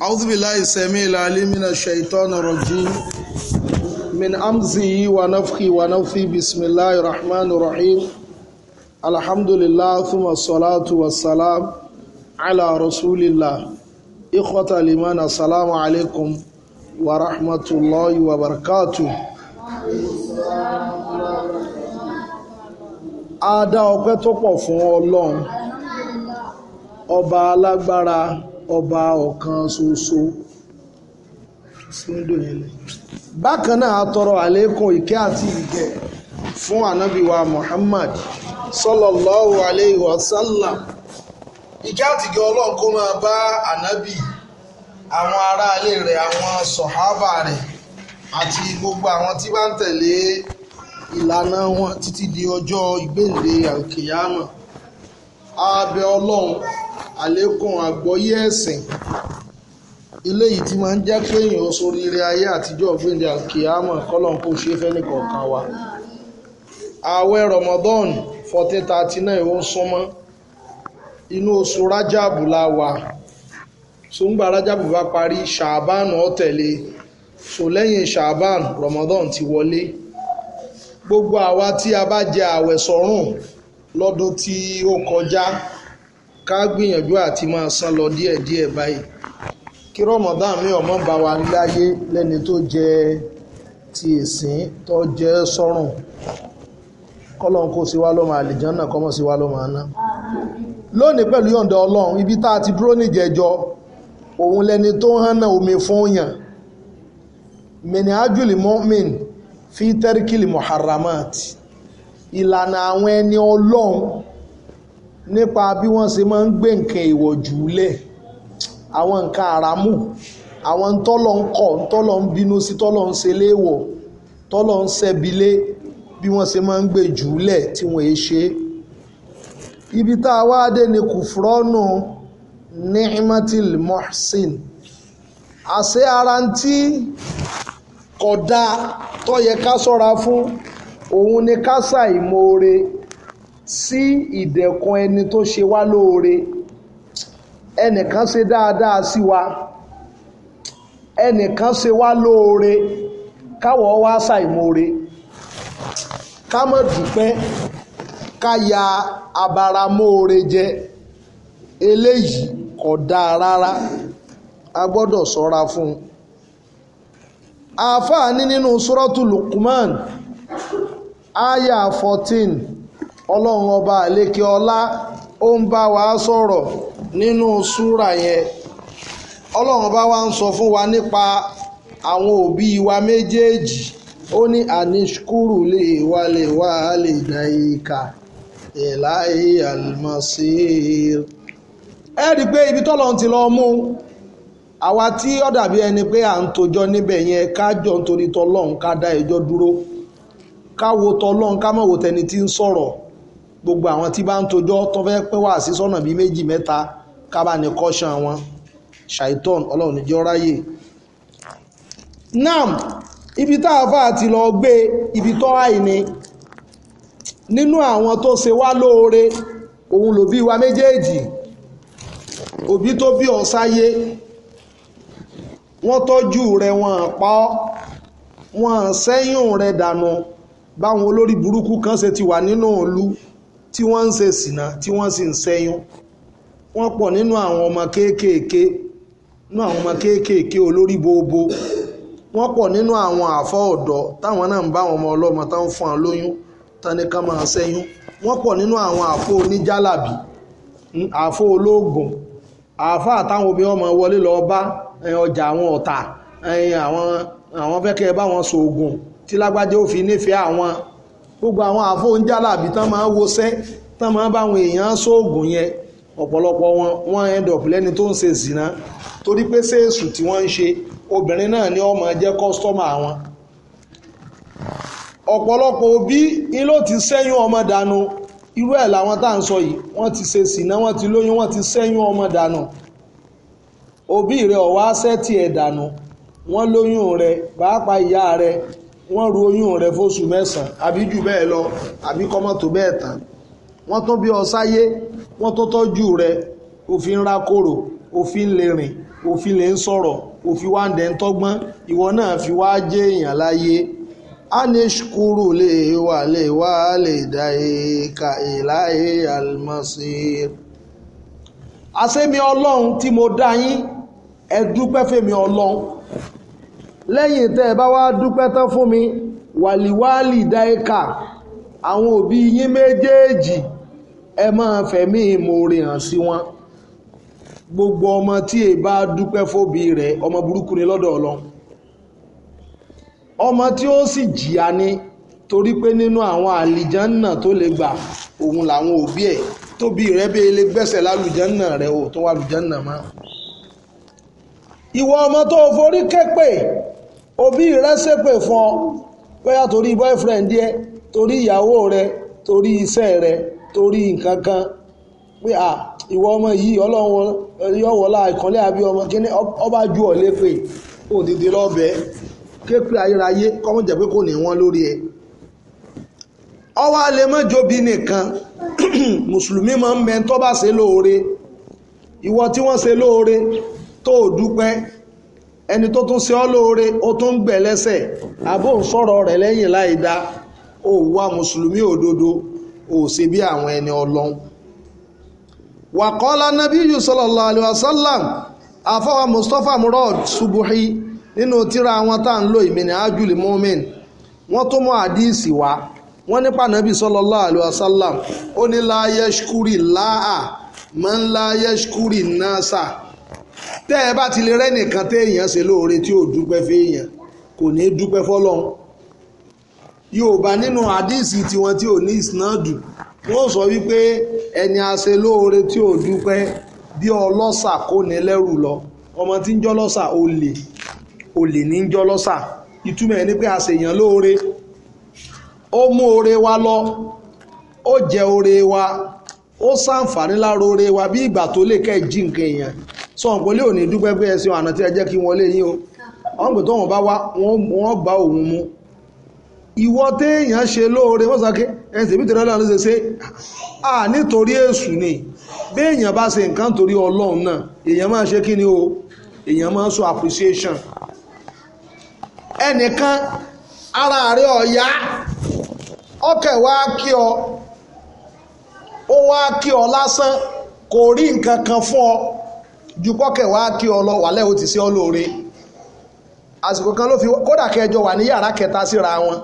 أعوذ بالله السميع العليم من الشيطان الرجيم من أمزه ونفخه ونفثه بسم الله الرحمن الرحيم الحمد لله ثم الصلاة والسلام على رسول الله إخوة الإيمان السلام عليكم ورحمة الله وبركاته a dá ọpẹ́ tó pọ̀ fún Ọlọ́run ọba alágbára ọba ọ̀kan ṣoṣo bákan náà tọrọ àlékún ìkẹ́ àti ìgẹ̀ fún ànábìwa Muhammad sallallahu alayhi wa sallam ìkẹ́ àti ìgẹ̀ ọlọ́run máa bá ànábì àwọn alé rẹ̀ àwọn sọ̀hábà rẹ̀ àti gbogbo àwọn tí bá ń tẹ̀lé ìlànà wọn títí di ọjọ́ ìgbéǹde àlékún àgbọ́yé ẹ̀sìn eléyìí tí máa ń jẹ́ pé èèyàn sóríire ayé àtijọ́ gbẹ̀ndẹ̀ àkìámọ̀ kọ́lọ́n kò ṣe fẹ́ nìkọ̀ọ̀kan wa ààwẹ̀ Ramadan fourteen thirty nine ó ń súnmọ́ inú oṣù rájàbù la wà sóńgbà rájàbù bá parí ṣàbán ó tẹ̀lé so lẹ́yìn ṣàbán Ramadan ti wọlé gbogbo àwa tí a bá jẹ ààwẹ̀ sọ́rùn lọ́dún tí ó kọjá ká gbìyànjú àti máa san lọ díẹ̀díẹ̀ báyìí kí Ramadan mi ọmọ bá wa láyé lẹ́ni tó jẹ ti ìsìn tó jẹ sọ́rùn kọ́lọ́n kó sí wa lọ́mọ àlìjánná kọ́mọ́ sí wa lọ́mọ àná lónìí pẹ̀lú yọ̀ǹda ọlọ́run ibi tá a ti dúró níjẹjọ òun lẹni tó ń hánà omi fún yàn mẹ́nìájúlì mọ́mìn fi tẹ́ríkìlì muharramat ìlànà àwọn ẹni ọlọ́run nípa bí wọ́n ṣe máa ń gbé nǹkan ìwọ̀jú lẹ̀ àwọn nǹkan àràmù àwọn tọ́lọ̀ ń kọ̀ tọ́lọ̀ ń bínú sí tọ́lọ̀ ń ṣe léèwọ̀ tọ́lọ̀ ń ṣẹ́bilé bí wọ́n ṣe máa ń gbé jù lẹ̀ tí wọ́n è e ṣe ibi tá a wá dé ni kùfúrọ́nù ni'matil muhsin àṣẹ ara ń tí kódà tó yẹ ká sọ́ra fún òun ni ká ṣàìmoore sí ìdẹ̀kùn ẹni tó ṣe wá lóore ẹnìkan ṣe dáadáa sí wa ẹnìkan ṣe wá lóore káwọ̀ wá ṣàìmoore ká mọ̀ dúpẹ́ ká ya abaramóore jẹ eléyìí kò dáa rárá a gbọ́dọ̀ ṣọ́ra fún un àáfàá ní nínú sọ́rọ́tù Luqman aya fourteen. ọlọ́run ọba àlékè ọlá ó ń bá wa sọ̀rọ̀ nínú súrà yẹn ọlọ́run ọba wa ń sọ fún wa nípa àwọn òbí wa méjèèjì ó ní àníṣkúrù lè wà lè wà lè dá ìka ìláyé àlùmọ́sí. ẹ rí i pé ibi tọ́lọ́run ti lọ́ọ́ mú àwa tí ó dàbí ẹni pé à ń tojọ́ níbẹ̀ yẹn ká jọ nítorí tọ́lọ́run ká dá ẹjọ́ dúró ká wo tọ́lọ́run ká má wo tẹni tí ń sọ̀rọ̀ gbogbo àwọn tí bá ń tojọ́ tó fẹ́ pẹ́ wá sí sọ́nà bíi méjì mẹ́ta kábà ní kọ́ṣán wọn ṣàìtọ́n ọlọ́run níjọ́ ráyè. nam ibi tá a fà ti lọ gbé ibi tó àìní nínú àwọn tó ṣe wá lóore òun lòbí wa méjèèjì òbí tó bí ọ sáyé wọ́n tọ́jú rẹ̀ wọ́n pa ọ́ wọ́n sẹ́yìn rẹ̀ dànù báwọn olórí burúkú kan ṣe ti wà nínú òlu. No tí wọ́n ń ṣe sìnà tí wọ́n sì ń ṣẹ́yún wọ́n pọ̀ nínú àwọn ọmọ kéékèèké nínú àwọn ọmọ kéékèèké olórí bóbó wọ́n pọ̀ nínú àwọn àfọ́ ọ̀dọ́ táwọn náà ń bá àwọn ọmọ ọlọ́mọ táwọn fún wọn lóyún tani ká máa ṣẹ́yún wọ́n pọ̀ nínú àwọn àfọ́ oníjálàbí àfọ́ olóògùn àfọ́ àtàwọn obìnrin ọmọ wọlé lọ bá eh, ọjà àwọn ọ̀tà eh, àwọn fẹ́ kẹ́ bá wọn sòògùn tí lágbájá ó fi nífẹ̀ẹ́ àwọn gbogbo àwọn àfóúnjálàbí tán máa ń wọṣẹ́ tán máa ń báwọn èèyàn sóògùn yẹn ọ̀pọ̀lọpọ̀ wọn wọ́n end up lẹ́ni tó ń ṣe zìnà torí pé ṣéèṣù tí wọ́n ń ṣe obìnrin náà ni jẹ́ kọ́sítọ́mà wọn ọ̀pọ̀lọpọ̀ òbí ti ọmọ dànù irú ẹ̀ làwọn tá à ń sọ yìí wọ́n ti ṣe wọ́n ti lóyún wọ́n ti ọmọ dànù òbí ọ̀wá dànù wọ́n lóyún wọ́n ru oyún rẹ̀ fóṣù mẹ́sàn-án àbí jù bẹ́ẹ̀ lọ àbí kọ́mọ́tò bẹ́ẹ̀ tán wọ́n tó bí ọ sáyé wọ́n tó tọ́jú rẹ̀ òfin ra kòrò òfin lè rìn òfin lè ń sọ̀rọ̀ òfin wá ń dẹ̀ ń tọ́gbọ́n ìwọ náà fi wá jẹ́ èèyàn láyé anishkuru lè wà lè wà lè dá èèkà e ìláyé àlùmọ́sí. àṣé mi ọlọ́run tí mo dá yín ẹ dúpẹ́ fèmi ọlọ́run lẹ́yìn tẹ́ ẹ bá wá dúpẹ́ tán fún mi wàlíwálì dáìkà àwọn òbí yín méjèèjì ẹ máa fẹ̀mí ìmoore hàn sí wọn gbogbo ọmọ tí ẹ bá dúpẹ́ fóbi rẹ̀ ọmọ burúkú ni lọ́dọ̀ Ọlọ́run ọmọ tí ó sì jìyà ni torí pé nínú àwọn àlìjánà tó lè gbà òun làwọn òbí ẹ̀ tóbi rẹ̀ bẹ́ẹ̀ lè gbẹ́sẹ̀ lálùjánà rẹ̀ ò tó wà lùjánà mọ́ ìwọ ọmọ tó forí kẹ́pẹ́ òbí rẹ ṣépè fún ọ bóyá torí boyfriend yẹ torí ìyàwó rẹ torí iṣẹ́ rẹ torí nǹkan kan pé à ìwọ ọmọ yìí ọlọ́run yọ̀wọ́lá ìkànlẹ̀ àbí ọmọ kíní ọba ju ọ̀ lépè òdìdí lọ́bẹ̀ képe ayérayé kọ́mọ̀ jẹ́ pé kò ní wọ́n lórí ẹ̀ ọwọ́ alẹ́ mọ́jọ́bí nìkan mùsùlùmí máa ń mẹ́ tó bá ṣe lóore ìwọ tí wọ́n ṣe lóore tó dúpẹ́ ẹni tó tún ṣe ọ́ lóore ó tún ń gbẹ̀ lẹ́sẹ̀ àbó ń sọ̀rọ̀ rẹ̀ lẹ́yìn láì dá ó wá mùsùlùmí òdodo ó ṣe bí àwọn ẹni ọlọ́run wàkọ́lá nabiyu sallallahu alayhi wa sallam afọwà mustapha murad subuhi nínú tíra àwọn tá à ń lò ìmìnira ajuli mumin wọ́n tó mú àdíìsì wá wọ́n nípa nàbí sallallahu alayhi wa sallam ó ní láyé ṣkúrì láà man láyé ṣkúrì náà sáà tẹ́ ẹ bá ti lè rẹ́nìkan téèyàn ṣe lóore tí ò dúpẹ́ fẹ́yàn kò ní dúpẹ́ fọ́lọ́run yorùbá nínú àdíìsì tiwọn tí ò ní ìsinádù wọ́n sọ wípé ẹni àṣe lóore tí ò dúpẹ́ bí ọlọ́ṣà kò ní lẹ́rù lọ ọmọ tí ń jọ́lọ́ṣà olè olè ní ń jọ́lọ́ṣà ìtumọ̀ ẹ̀ ni pé àṣèyàn lóore ó mú oore wa lọ ó jẹ oore wa ó ṣàǹfààní lára oore wa bí ìgbà tó lè kẹ́ jí nǹkan èèyàn sọ wọn pẹ̀lú òní dúpẹ́ pé ẹ̀sìn àná tí ẹ jẹ́ kí wọ́n lé yín o àwọn pè tó bá wá wọ́n bá òun téèyàn ṣe lóore wọ́n sọ́kẹ́ ẹ̀sìn ìbí tẹ̀lé ọlọ́run ṣe ṣe à nítorí èṣù ni béèyàn bá ṣe nǹkan torí ọlọ́run náà èèyàn máa ṣe kí ni o èèyàn sọ appreciation ẹnìkan ara ọ̀yá ọkẹ̀ wá ju kọ́kẹ̀ wá kí ọ lọ wàlẹ́ o ti sí ọ lóore àsìkò kan ló fi kódà kẹjọ wà ní yàrá kẹta síra wọn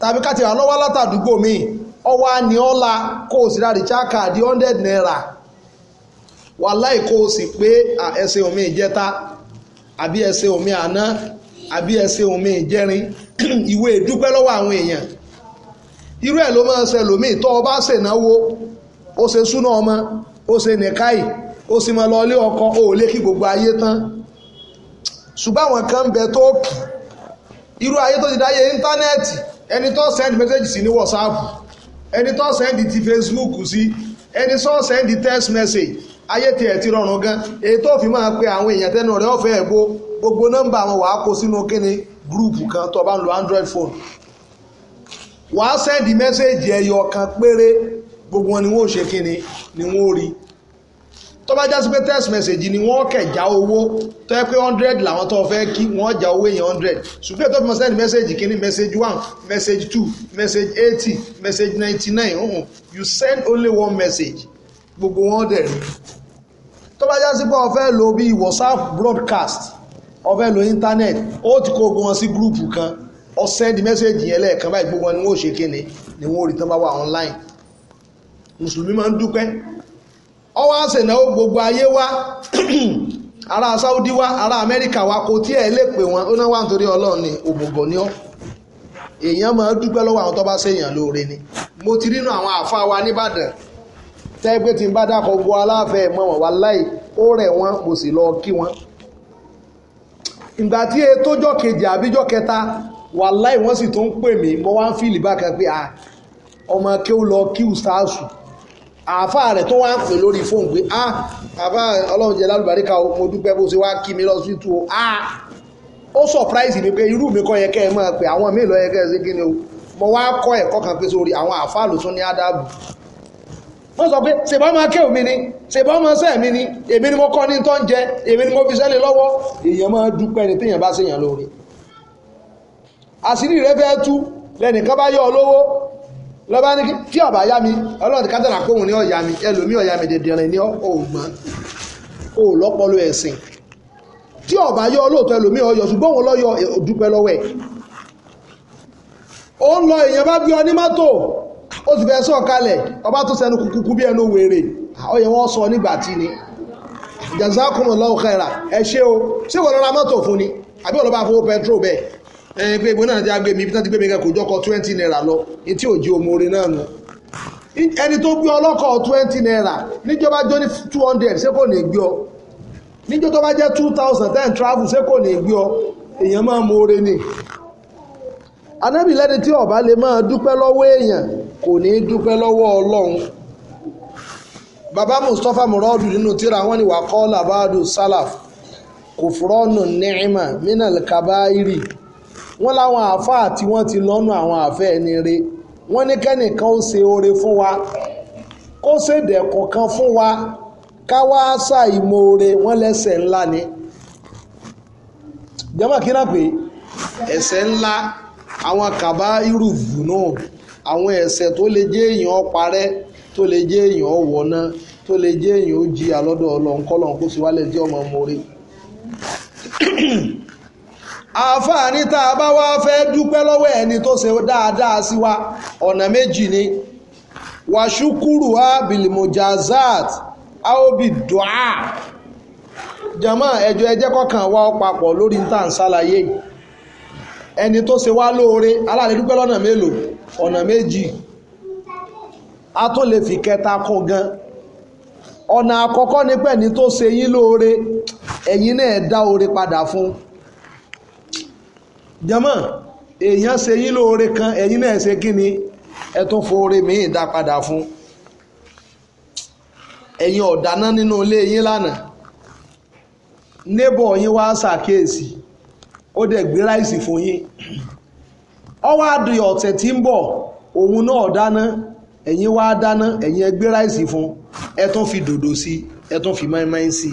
tàbí ká ti wà lọ́wọ́ látàdúgbò míì ọwọ́ ni ọ́ la kó o sì ra rìcháàkà di hundred naira wàláì kó o sì pé ẹsẹ̀ omi ìjẹta àbí ẹsẹ̀ omi àná àbí ẹsẹ̀ omi ìjẹrin ìwé ìdúpẹ́ lọ́wọ́ àwọn èèyàn irú ẹ̀ ló máa ń ṣe lòmíì tó o bá ṣènáwó o ṣe súná ọmọ o ṣe nìkáì ó sì máa lọ ọkọ ó lé kí gbogbo ayé tán ṣùgbọ́n kan be bẹ tó kì irú ayé tó ti dáyé íńtánẹ́ẹ̀tì ẹni tó send message sí ní whatsapp ẹni tó send ti facebook sí ẹni tó send text message ayé tiẹ̀ ti rọrùn gan èyí tó fi máa pe àwọn èèyàn tẹnu rẹ̀ ọ̀fẹ́ gbogbo nọ́mbà wàá kó sínú kíni kan tó bá ń lo android phone wàá send message gbogbo wọn ni wọn ni wọn ò tó bá jásí pé text message ni wọ́n kẹ̀ owó tó yẹ pé hundred làwọn tó fẹ́ kí wọ́n já owó yẹn hundred ṣùgbọ́n tó fi mọ̀ send message kínní message one message two message eighty message ninety nine you send only one message gbogbo wọn dẹ̀ rí tó bá jásí pé o lo bíi WhatsApp broadcast o lo internet ó ti kó ogun wọn sí gúrùpù kan o send message yẹn lẹ́ẹ̀kan báyìí gbogbo wọn ni wọ́n ò ṣe kínní ni wọ́n ò rí tán bá wà online mùsùlùmí máa ń dúpẹ́ ọ wá ṣe gbogbo ayé wá ara Saudi wa ara Amẹ́ríkà wa kò tí ẹ̀ lè pè wọ́n ó náà wà nítorí Ọlọ́run ni òmùgọ̀ ni ọ́ èèyàn máa dúpẹ́ lọ́wọ́ àwọn tó bá ni mo ti rínú àwọn àfa wa nìbàdàn tẹ́gbẹ́ tí n bá aláfẹ́ láì ó rẹ̀ wọ́n mo sì lọ kí wọ́n ìgbà tí kejì wà láì wọ́n sì pè mí mo wá ń fìlì pé ọmọ kí ó lọ kí sáàsù àáfà rẹ̀ tó wá ń pè lórí fóònù pé ah àáfà ọlọ́run jẹ lálùbáríkà o mo dúpẹ́ bó ṣe wá kí mi lọ́sítù o ah ó sọ̀práìsì mi pé irú mi kọ́ yẹ kẹ́ ẹ máa pè àwọn míì lọ́yẹ kẹ́ ẹ sí kíni o mo wá kọ́ ẹ̀kọ́ kan pé sórí àwọn àáfà ló tún ní ádàbù wọ́n sọ pé ṣèbá máa kéwù mi ni ṣèbá máa sẹ́ mi ni èmi ni mo kọ́ ní tó ń jẹ èmi ni mo fi sẹ́lẹ̀ lọ́wọ́ èèyàn máa dúpẹ́ ni téèyàn bá ṣèyàn lóore àṣírí rẹ fẹ́ tú lẹ́nìkan bá yọ ọ lówó lọ́ba ní tí ọ̀bá yá mi ọlọ́run ti kátàlá kóhun ní ọ̀yá mi ẹlòmí ọ̀yá mi dẹ̀dẹ̀rìn ní ọ̀gbọ́n o lọ́pọ̀lọ́ ẹ̀sìn tí ọ̀bá yọ olóòtọ́ ẹlòmí ọ̀yọ́ ṣùgbọ́n òun lọ́yọ òdúpẹ́ lọ́wọ́ ẹ̀ ó ń lọ èèyàn bá gbé ọ ní mọ́tò ó sì fẹ́ sọ̀ kalẹ̀ ọba tó sẹnu kúkú bí ẹnu wèrè ọyẹ wọn sọ nígbà tí ni jazakumullahu khaira ẹ ṣé o ṣé wọn lọ ra mọ́tò fún ni àbí wọn lọ bá bẹ́ẹ̀ ẹni pé ibo náà ti agbèmí ibi náà ti gbèmí kò jọkọ twenty naira lọ etí òjì omore náà nù ẹni tó gbé ọlọ́kọ̀ twenty naira níjọba jọ ní two hundred ṣé kò ní gbé ọ níjọ tó bá jẹ́ two thousand ten travel ṣé kò ní gbé ọ èèyàn máa mọ ore ni anábì lẹ́ni tí ọba lè máa dúpẹ́ lọ́wọ́ èèyàn kò ní dúpẹ́ lọ́wọ́ ọlọ́run bàbá mustapha muradu nínú tíra wọn ni wà kọ́ làbáàdù salaf kò fúrọ́nù nìímà mínàlì kabairi wọ́n láwọn àáfàá tí wọ́n ti lọ́nu àwọn àfẹ́ ẹni re wọ́n ní kẹ́nìkan ó ṣe oore fún wa kó ṣèdẹ̀kùn kan fún wa káwá ṣà ìmoore wọ́n lẹ́sẹ̀ ńlá ni jẹ́mọ̀ kí náà pé ẹ̀ṣẹ̀ ńlá àwọn kàbá irú vùnú àwọn ẹ̀ṣẹ̀ tó lè jẹ́ èèyàn parẹ́ tó lè jẹ́ èèyàn wọ̀nà tó lè jẹ́ èèyàn ó jìyà lọ́dọ̀ ọlọ́nkọ́lọ́n kó sì wálẹ̀ tí ọmọ mọ́re àǹfààní tá a bá wá fẹ́ dúpẹ́ lọ́wọ́ ẹni tó ṣe dáadáa sí wa ọ̀nà méjì ni wàṣúkúrù abilimujazat aobi dua jama ẹjọ ẹjẹ kọkàn wa papọ̀ lórí níta ń ṣàlàyé ẹni tó ṣe wá lóore aláàlẹ́ dúpẹ́ lọ́nà mélòó ọ̀nà méjì a tó lè fi kẹta kún gan ọ̀nà àkọ́kọ́ ni pé ẹni tó ṣe yín lóore ẹ̀yin náà dá oore padà fún un jama èèyàn ṣe yín lóore kan ẹ̀yin náà ṣe kí ni ẹ tún foore míì dá padà fún ẹ̀yin ọ̀dáná nínú ilé yín lánàá nébọ̀ yín wá ṣàkíyèsí ó dẹ̀ gbé ráìsì fún yín ọwọ́ àdì ọ̀tẹ̀ tí ń bọ̀ òun náà dáná ẹ̀yin wá dáná ẹ̀yin ẹ gbé ráìsì fún ẹ tún fi dòdò sí ẹ tún fi máínmáín sí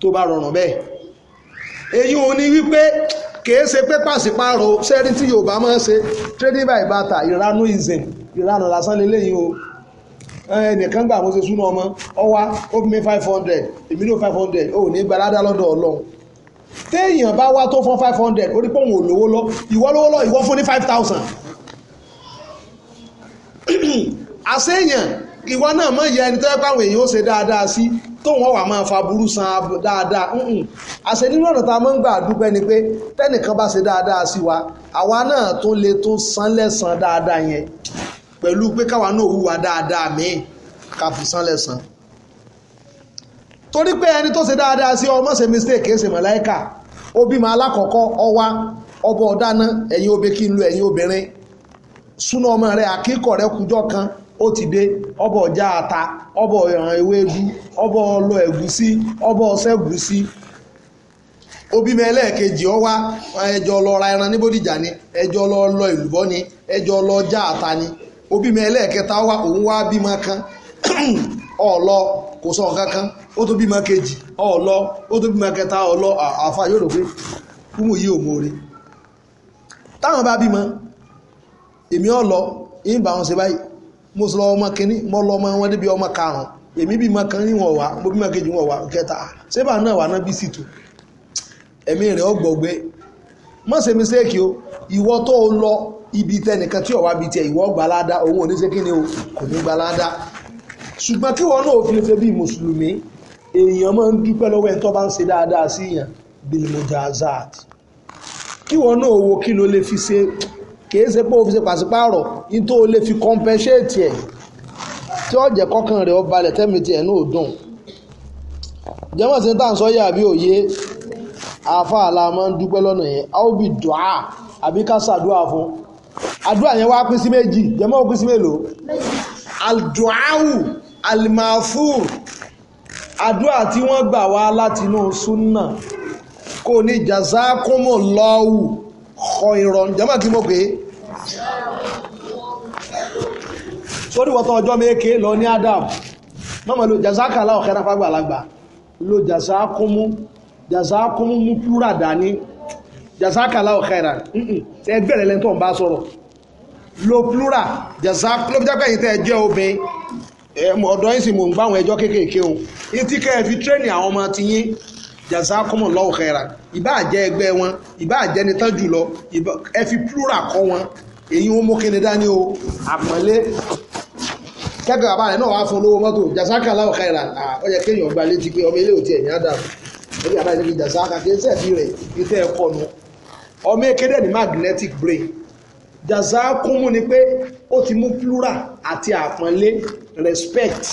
tó bá rọrùn bẹ́ẹ̀ èyí òun ni wípé kìí ṣe pé pàṣípàrọ̀ sẹ́rí tí yorùbá máa ń ṣe trading by barter ìranú ìzẹ̀ ìranù lásán lélẹ́yìn o ẹnìkan gbà mo ṣe súná ọmọ ọwá ó five hundred èmi ní five hundred ò ní gbalada lọ́dọ̀ ọlọ́run téèyàn bá wá tó fún five hundred ó rí pé òun ò lówó lọ ìwọ lówó lọ ìwọ fún ní five thousand àṣeyàn ìwọ náà mọ̀ yẹ ẹni tó yẹ pé àwọn èèyàn ó ṣe dáadáa sí tóun ọ̀wà máa fa burú san dáadáa àṣẹ nínú ọ̀nà tá a máa ń gbà dúpẹ́ ni pé tẹ́nìkan bá ṣe dáadáa sí wa àwa náà tó lè tó san lẹ́san dáadáa yẹn pẹ̀lú pé káwa náà hùwà dáadáa míì ká fi san lẹ́san torí pé ẹni tó ṣe dáadáa sí ọmọ ṣe mistake ẹ ṣe mọ̀láìkà obìmọ̀ alákọ̀ọ́kọ́ ọwá ọbọ̀ ọ̀dáná ẹ̀yin obe kí n lo ẹ̀yin obìnrin súná ọmọ rẹ àkíkọ̀ rẹ kújọ́ kan ó ti dé ata ọbọ̀ ọ̀ràn ewédú ọbọ̀ ọlọ ẹ̀gúsí ọbọ̀ ọ̀sẹ̀gúsí obi mi ẹlẹ́ẹ̀kejì ọwa wá ẹjọ́ lọ ra ẹran ní Bódìjà ni ẹjọ́ lọ lọ ìlúbọ́ ni ẹjọ́ lọ já ata ni obi mi ẹlẹ́ẹ̀kẹta wá òun wá bímọ kan ọ̀lọ́ kò sọ nǹkan kan ó tó bímọ kejì ọ̀lọ́ ó tó bímọ kẹta ọ̀lọ́ àfa yóò rò kúmù yìí ò táwọn bá bímọ èmi ọ̀lọ́ yìí ń bá wọn ṣe báyìí mo sọ ọmọ kínní mo lọ ọmọ wọn débi ọmọ karùn-ún èmi kan ní wọn wá mo bímọ kejì wọn wá kẹta sébà náà wà náà bí sì ẹ̀mí rẹ̀ má ìwọ tó o lọ ibi tí gbalada òun ò ní o kò gbalada ṣùgbọ́n kí náà bí mùsùlùmí èèyàn máa ń dúpẹ́ lọ́wọ́ ẹ̀ tó bá ń dáadáa sí yàn kí kìí ṣe pé o fi ṣe pàṣípààrọ̀ in tó o lè fi compensate ẹ̀ tí ó jẹ́ kọ́kàn rẹ̀ ó balẹ̀ tẹ́mi tiẹ̀ náà dùn jẹ́mọ̀ sí tá à ń sọ yà bí òye àáfà la máa ń dúpẹ́ lọ́nà yẹn a ó bì dùá àbí ká ṣàdúrà fún àdúrà yẹn wá pín sí méjì jẹ́mọ̀ ó pín sí mélòó àdùáwù àlìmáfúù àdúrà tí wọ́n gbà wá láti inú súnà kò ní jazakumullahu khairan jẹ́mọ̀ kí mo pè é. sórí wọ́tọ̀ ọjọ́ méèké lọ ní adam mọ́mọ́ ló jàzákàlá ọ̀kẹ́ ráfàgbàlagbà ló jàzákúmú jàzákúmú mú púrà dání jàzákàlá ọ̀kẹ́ rà ẹgbẹ́ rẹ̀ lẹ́ntọ́ bá sọ̀rọ̀ lo plural jàzákú ló fi jápẹ́ yìí tẹ́ ẹ jẹ́ obìnrin ọ̀dọ́ yìí sì mò ń gbáwọn ẹjọ́ kéékèèké o etí kẹ́ ẹ fi tírẹ́nì àwọn ọmọ ti yín jazakumu lọ́wọ́ kẹ́ra ìbá jẹ́ ẹgbẹ́ wọn ìbá jẹ́ nítán jùlọ ẹ fi plural kọ́ wọn èyí wọn mú kíni dání o àpọ́nlé kẹ́kẹ́ bàbá rẹ̀ náà wàá fún olówó mọ́tò jàsákàlá ọ̀ka ìrà ó yẹ kéèyàn gba létí pé ọmọ ilé òtí ẹ̀yìn ádàmù ẹ̀yìn àbá ìdíbi jàsákà kí ẹsẹ̀ fi rẹ̀ ìtẹ́ ẹ̀kọ́ nu ọmọ ekéde ní magnetic brain jàsákùnmù ni pé ó ti mú plural àti àpọ́nlé respect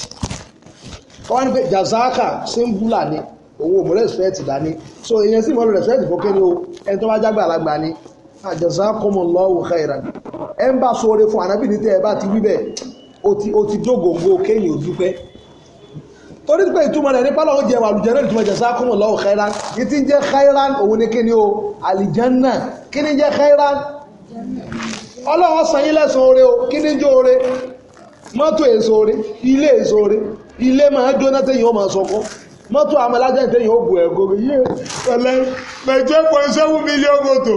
wọ́n ní pé jàsákà singular ni owó mo respect dání so èèyàn sì mọ́ respect fọ́kẹ́ ni o ẹni tó bá jágbà alágbà ni àjàsákùnmù lọ́wọ́ ká ìrà ẹ̀ ń bá sọ fún ànábì tẹ́ ẹ bá ti wí bẹ́ẹ̀ ó ti dógóńgó kéèyàn dúpẹ́ torí pé ìtumọ̀ rẹ̀ ní pálọ̀ ó jẹ àlùjẹ́ náà ìtumọ̀ jẹ̀sá kúmọ̀ lọ́wọ́ khairan ní ti ń jẹ́ khairan òun ni kí ni o àlìjánà kí ni jẹ́ khairan ọlọ́wọ́ san yín lẹ́san o kí ni jẹ́ oore mọ́tò èso oore ilé èso oore ilé máa jóná téyìn ó máa sọkọ́ mọ́tò amalájá téyìn ó bu ẹ̀gọ́ yé pẹ̀lẹ́ pẹ̀jẹ́ pọ̀ seven million mọ́tò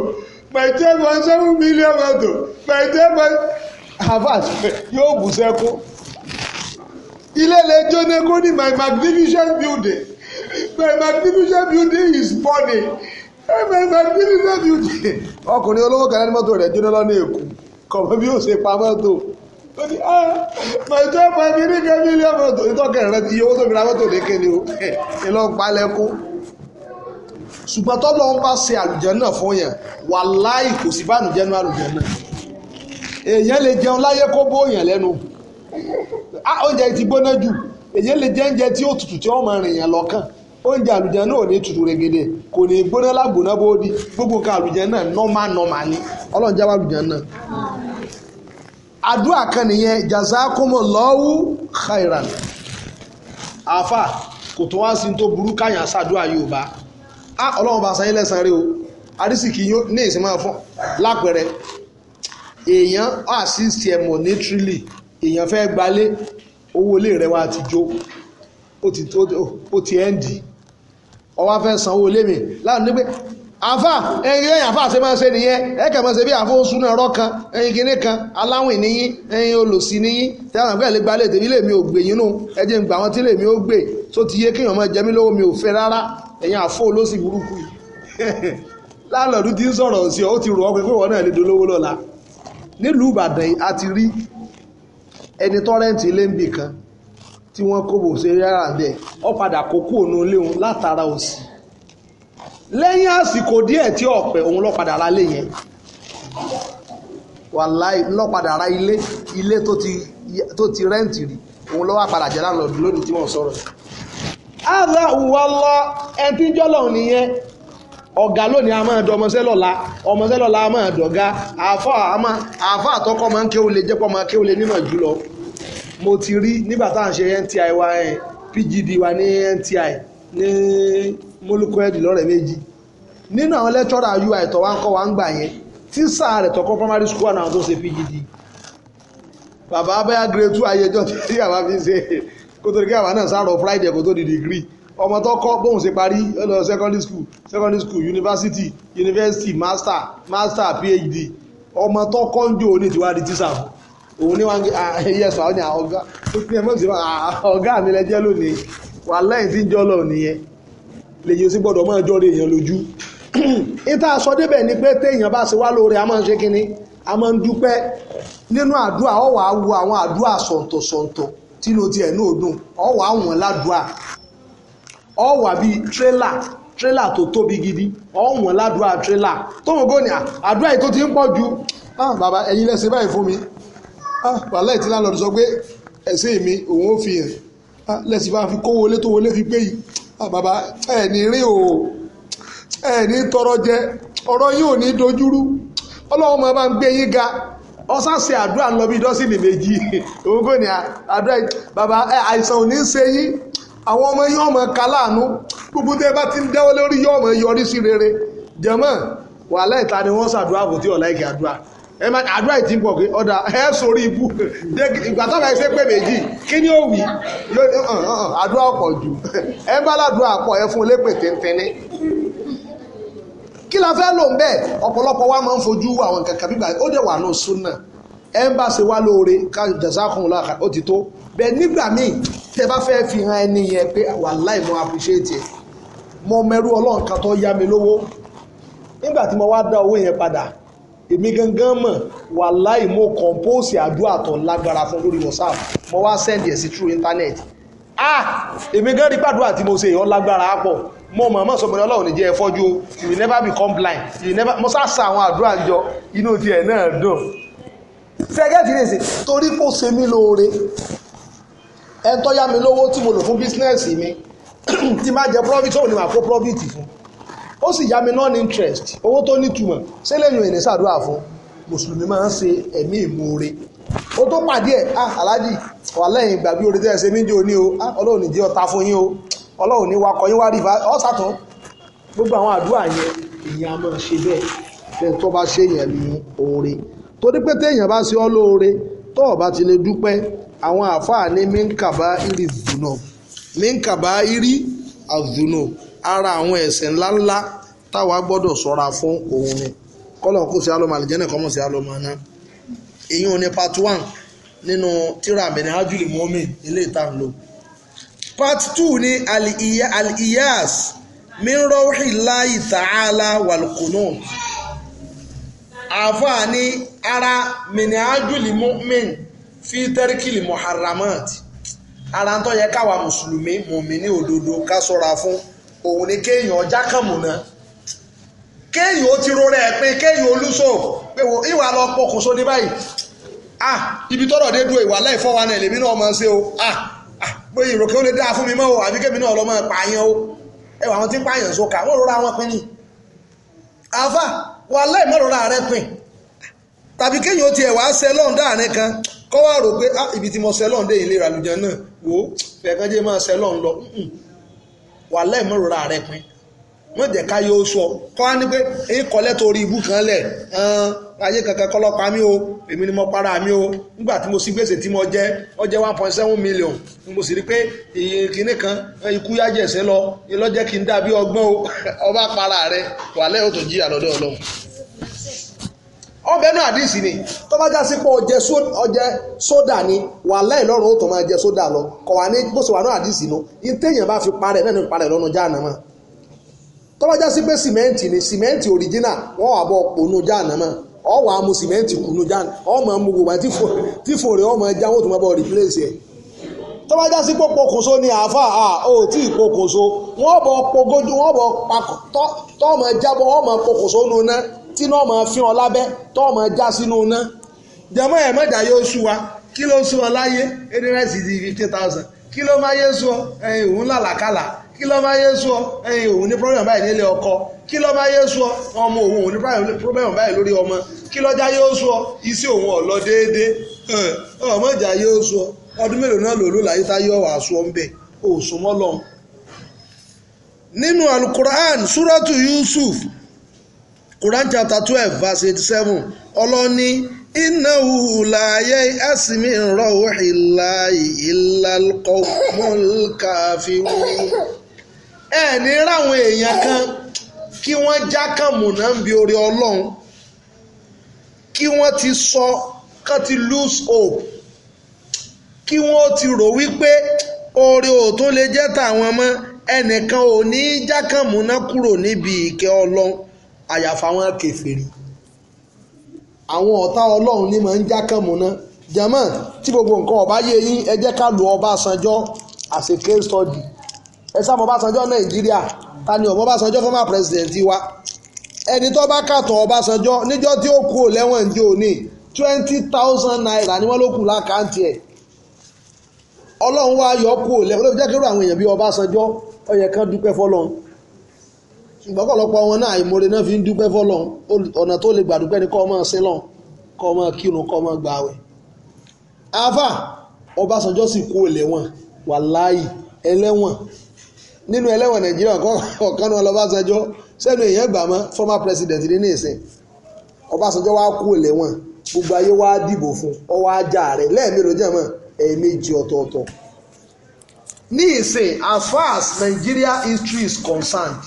pẹ̀jẹ́ harvard yóò bù sẹ́kù ilé lẹjọ́ nẹ́kọ́ ní my magnificent building my magnificent building is burning my magnificent building ọkùnrin olówó kan ní mọ́tò rẹ̀ jóná lọ́nà èkó kọ̀ọ̀mọ́ bí ó ṣe pa mọ́tò ó ní ah my twelve five ní kẹ́ mílíọ̀nù mọ́tò nítọ́kẹ́ rẹ iye owó tó fi ra mọ́tò lékè ni o ìlọ́ọ̀pá lẹ́kọ́ ṣùgbọ́n tọ́lọ́ ń bá ṣe àlùjẹ́ náà fún yẹn wàláì kò sí bá àlùjẹ́ náà àlùjẹ́ náà. èèyàn lè jẹun láyé kó yàn lẹ́nu ah, oúnjẹ ti gbóná jù èèyàn lè jẹ oúnjẹ tí ó tutù tí ó máa rìn yàn oúnjẹ àlùjẹ náà ò ní tutù regede kò ní gbóná lágbóná gbogbo nǹkan àlùjẹ náà nọ́mà nọ́mà ni ọlọ́run jáwọ́ àlùjẹ náà. àdúrà kan nìyẹn khairan kò tó wá sí tó burú káyàn sàdúrà Yorùbá ah, o ní ìsinmi èèyàn assist ẹ monetarily èèyàn fẹ́ gbalé owó ilé rẹ wá ti jó ó ti ẹ́ǹdì ọwọ́ fẹ́ sanwó ilé mi láwọn ní pé àfà ẹyin lẹ́yìn àfà ṣe máa ṣe nìyẹn ẹ kẹ̀ máa ṣe bí àfọ oṣù náà rọ́kan ẹyin kìíní kan aláwìn níyín ẹyin olòṣì níyín tẹ́lẹ̀ pẹ́ lè gbalẹ̀ tèmi lèmi ò gbè yín nù ẹ jẹ́ n gbà wọ́n tí lèmi ò gbè tó ti yé kéèyàn máa jẹ mí lówó mi ò fẹ́ rárá ẹ̀yin àfọ olóṣì burúkú yìí láàlọ́dún ti ń sọ̀rọ̀ sí ọ ó ti rò ọ́ pé kó wọn náà lè dolówó lọ́la nílùú ìbàdàn a ti rí ẹni tọ́rẹ́ǹtì ilé ń bì kan tí wọ́n kó bòsè rárá bẹ́ẹ̀ ọ padà kó kú òun ilé òun látara òsì lẹ́yìn àsìkò díẹ̀ tí ọ̀pẹ òun lọ padà ra lé yẹn wàláì lọ padà ra ilé ilé tó ti rẹ́ǹtì rí òun lọ́wọ́ padà jẹ́ láńlọ́ọ̀dù lónìí tí wọ́n sọ̀rọ̀. àdá ìwọ́lọ́ ẹtí jọ́lọ̀ nìyẹn ọ̀gá lónìí a máa dọ ọmọọṣẹ́ lọ́la ọmọọṣẹ́ lọ́la a máa dọ̀gá àáfà àtọ́kọ́ máa ń kéwò lè jẹ́pọ̀ máa kéwò lè nímọ̀ jùlọ mo ti rí nígbà tá à ń ṣe NTI wa PGD wa ní NTI ní mólúkọ ẹ̀dì lọ́rẹ̀ méjì nínú àwọn lẹ́tọ́rà UI tó wá ń kọ́ wa ń gbà yẹn tíṣà rẹ̀ tọkọ́ primary school àwọn tó ṣe PGD bàbá abẹ́yà grade two ayẹjọ́ tí àwọn fi ń ṣe kótó ní kí àwọn náà sáré friday kó tó di degree ọmọ tó kọ́ bóun ṣe parí ó lọ secondary school secondary school university university master master phd ọmọ tó kọ́ ń jó òní ti wá di tíṣà òun ní wọn ah, yẹ sọ àwọn ah, ọgá tó fi ẹ mọ́tò ah, ọgá mi lẹ́jẹ́ lónìí wà lẹ́yìn tí ń jọ́ lọ nìyẹn lèyí ó sì gbọ́dọ̀ máa jọ́ èèyàn lójú ìta sọ débẹ̀ ni pé téèyàn bá ṣe wá lóore a máa ń ṣe kínní a máa ń dúpẹ́ nínú àdúrà ọ̀wà wo àwọn àdúrà sọ̀ǹtọ̀sọ̀ǹtọ̀ tí ló tiẹ̀ ní òdùn ọ̀wà wọn ládùúà ọ wà bíi tírélà tírélà tó tóbi gidi ọ wọ̀n ládùúgbà tírélà tó mọ̀ gómìnà ah, àdúrà yìí tó ti ń pọ̀ ju ah, bàbá ẹ̀yin lẹ́sẹ̀ báyìí fún mi ah, wàhálà ìtìlá lọ́dún sọ pé ẹ̀sìn mi òun ò fi hàn lẹ́sìn bá fi kó wọlé tó wọlé fi pé yìí bàbá ẹ̀ ní rí o ẹ̀ ní tọrọ jẹ ọ̀rọ̀ yìí ò ní dojúrú ọlọ́run máa bá ń gbé yín ga ọ̀sàsì àdúrà ń lọ bí dọ́sìnì méjì òun kò ní àdúrà bàbá àìsàn ò ní ṣe yín àwọn ọmọ yóò mọ kaláàánú gbogbo tẹ́ bá ti ń dẹ́wọ́ lórí yóò mọ yọrí sí rere jẹ̀mọ́ wàhálà ìta ni wọ́n ṣàdúrà fún tí ọ̀la ìkẹ́ àdúrà ẹ máa àdúrà ìtì ń pọ̀ pé ọ̀dà ẹ sórí ibú ìgbà tó máa ṣe pé méjì kí ni ó wí àdúrà ọ̀pọ̀ jù ẹ bá ládùúrà pọ̀ ẹ fún olépè tẹ́ntẹ́ní kí la fẹ́ lò ń bẹ́ẹ̀ ọ̀pọ̀lọpọ̀ wa máa ń fojú àwọn kankan bíbá ó dẹ̀ wà ní ẹmbàṣe wá lóore ká jẹ̀sákùn láàkà ó ti tó bẹ́ẹ̀ nígbà míì tẹ bá fẹ́ fi hàn ẹni yẹn pé wàláì mo appreciate ẹ̀ mo mẹ́rú ọlọ́run kan tó yá mi lówó nígbà tí mo wá dá owó yẹn padà èmi gangan mọ̀ wàláì mo compose àdúrà tó lágbára fún lórí WhatsApp mo wá send ẹ̀ sí through internet ah èmi gan rí pàdúrà tí mo ṣe ìyọ́ lágbára pọ̀ mo mọ̀ mọ́ sọ̀bọ̀n ọlọ́run ní jẹ́ ẹ̀fọ́jú you will never become blind you will never mo sá sa àwọn àdúrà jọ inú tiẹ̀ náà dùn sẹ́gẹ́tì lè ṣe torí kò ṣe mí lóore ẹ̀ ń tọ́ yá mi lówó tí mo lò fún bísínẹ́sì mi tí má jẹ profit òun ni màá kó profit fún ó sì yá mi non interest owó tó nítumọ̀ ṣé lẹ́yìn ìní ṣàdúrà fún mùsùlùmí máa ń ṣe ẹ̀mí ìmoore ó tó pàdé ẹ̀ ah aláàjì wà lẹ́yìn gbàgbé orí tẹ́lẹ̀ ṣe mí jẹ́ òní o ah ọlọ́run ní jẹ́ ọ̀tá fún yín o ọlọ́run ní wakọ̀ yín wá rí ìfà ọ̀sàtún gbogbo àwọn àdúrà yẹn èèyàn a máa ṣe bẹ́ẹ̀ bẹ́ẹ̀ tó bá ṣe yẹn ní oore torí pé téèyàn bá ṣe ọ́ lóore tó o bá ti lè dúpẹ́ àwọn àáfàá ní mínkàbá irí zùnà mínkàbá irí àzùnà ara àwọn ẹ̀ṣẹ̀ ńláńlá táwa gbọ́dọ̀ sọ́ra fún òun ni kọ́lọ̀ kò sí alọ́mọ àlìjẹ́nì kọ́mọ̀ sí alọ́mọ náà èyí ò part one nínú tíra àmì ní mọ́mì ilé ìta ń lò part two ní al-iyas min rawhi Allahi ta'ala wal àáfàá ní ara mìnìájúlì mọ́mìn fi tẹ́ríkìlì muharramat ara tó yẹ káwa mùsùlùmí mùmíní òdodo ká sọ́ra fún òun ni kéèyàn ọjà kàmùnà kéèyàn ó ti rọra ẹ̀ pé kéèyàn olúṣọ pé ìwà lọ pokùnso ní báyìí ah ibi tọ́rọ̀ dé dúró ìwà láì fọ́wa náà lèmi náà máa ṣe o ah pé ìròkè ó lè dáa fún mi mọ́ o àbí kémi náà lọ́ máa pààyàn o ẹwà àwọn tí ń pààyàn sókà wọ́n rọra wọn pín ní àáfàá wà láì má rọra rẹ pin tàbí kéèyàn ó ti ṣe lọ́hùn dáàrin kan kọ́ wá rò pé ah, ibi tí mo ṣe lọ́hùn dé ìlera àlùjá náà wò ó fẹ̀ẹ́kan jẹ́ máa ṣe lọ wà láì má rọra rẹ pin wọ́n jẹ́ ká sọ kọ́ wá ní pé èyí kọ́lẹ́ torí ibú kan lẹ̀ ayé kankan kọ́lọ́pàá mi o èmi ni mo para mi o nígbà tí mo gbèsè tí mo ọ one point seven million mo sì rí pé iye kinní kan ikú yájẹsẹ lọ ìlọjẹ kí n dàbí ọgbọ́n o ọba para rẹ wà ò tó ji lọ́dọ̀ ọlọ́run ọbẹ̀ náà àdìsí ni tó bá já pé ọjẹ́ sódà ni wàláhì lọ́rùn ó tó máa sódà lọ kọ̀wá ní bó tó já sí pé sìmẹ́ǹtì ni sìmẹ́ǹtì original wọ́n wà bọ̀ pònú jáàná mọ́ ọ wà á mu sìmẹ́ǹtì kùnú jáàná ọ mọ̀ mu gbogbo tí fò rẹ̀ ọ mọ̀ ẹja wọ́n tún bọ̀ replace ẹ̀ tó já sí pé pokùnso ni àáfà à ó tí ì pokùnso wọ́n bọ̀ pogójú wọ́n bọ̀ pakọ̀ tọ́ ọmọ ẹja bọ̀ ọ mọ̀ pokùnso nu ná tí náà mọ̀ fi hàn lábẹ́ tọ́ ọmọ ẹja sínú ná jẹ́mọ́ ẹ̀ mẹ́ta yóò sú wa kí ló sú ọ láyé eighty nine sixty fifty thousand kí ló kí ló bá yé sú ọ ẹyin òun ní problem báyìí nílé ọkọ kí ló bá yé ọ ọmọ òun òun ní problem báyìí lórí ọmọ kí ló já yóò ọ iṣẹ́ òun ò lọ déédéé ọmọ ìjà yóò ọ ọdún mélòó náà lòlú láyé tá yóò wàá sú ọ ńbẹ nínú alukur'an suratu yusuf quran chapter twelve verse eighty seven ọlọ́ni iná wùláyé ẹ̀sìnmí rọ̀ wíìlá ìlàlùkọ́ mọ́lùkàfíwì. ẹ ní ráwọn kan kí wọ́n já kàmùnà ń bi orí ọlọ́run kí wọ́n ti sọ kán ti lose hope kí wọ́n ti rò wípé orí ò tún lè jẹ́ tàwọn mọ́ ẹnìkan ò ní í já kúrò níbi ìkẹ́ ọlọ́run àyàfà wọn àwọn ọ̀tá ọlọ́run máa ń já lu as a case ẹ sáàmù Ọbásanjọ́ Nàìjíríà ta ni ọmọ Ọbásanjọ́ former president wa ẹni tó bá kàtọ̀ Ọbásanjọ́ níjọ́ tí ó kú lẹ́wọ̀n ní òní twenty thousand naira ni wọ́n ló kù lákàntì ẹ̀ Ọlọ́run wá yọ kú lẹ́wọ̀n lóbi jákèrò àwọn èèyàn bíi Ọbásanjọ́ ó yẹ kán dúpẹ́ fọ́lọ́run ṣùgbọ́n kọ̀lọ́pọ̀ wọn náà àìmoore náà fi ń dúpẹ́ fọ́lọ́run ọ̀nà tó lè gbàdúpẹ́ ni kọ́ ọmọ sílọ̀ kọ́ ọmọ kírun kọ́ ọmọ gbààwẹ̀ àáfà Ọbásanjọ́ sì kú lẹ́wọ̀n wàláì ẹlẹ́wọ̀n nínú ẹlẹ́wọ̀n nàìjíríà ọ̀kan náà lọ́básanjọ́ sẹ́nu èèyàn gbà mọ́ former president ní nìsín ọbásanjọ́ wá kú lẹ́wọ̀n gbogbo ayé wá dìbò fún ọwọ́ ajá rẹ̀ lẹ́ẹ̀mẹ́rin jẹ́ mọ́ ẹ̀ẹ̀mejì ọ̀tọ̀ọ̀tọ̀ ní ìsìn as far as Nigeria history is concerned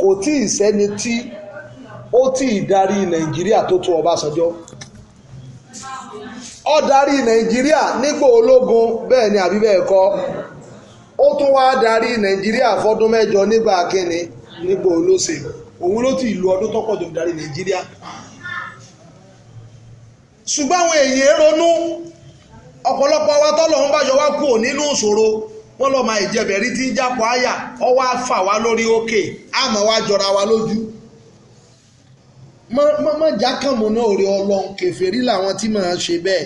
kò tí ì sẹ́ni tí ó tí ì darí nàìjíríà tó tó ọbásanjọ́ ó darí nàìjíríà nígbà ológun bẹ́ẹ̀ ni àbí bẹ́ẹ̀ kọ́ ó tún wá darí nàìjíríà fọdún mẹ́jọ nígbà kínní nígbà olóṣèlú òun ló ti ìlú ọdún tó pọ̀ jù darí nàìjíríà ṣùgbọ́n àwọn èèyàn ronú ọ̀pọ̀lọpọ̀ wa tọ́lọ̀ ń bájọ wá kú ò nínú ìṣòro wọ́n lọ́ọ́ máa ìjẹbẹ̀rí tí ń jápọ̀ àyà ọwọ́ àfà wá lórí òkè àmọ́ wá jọra wa lójú mọ́jà kàmù náà rí ọlọ́run kèfèrí làwọn tí màá ṣe bẹ́ẹ̀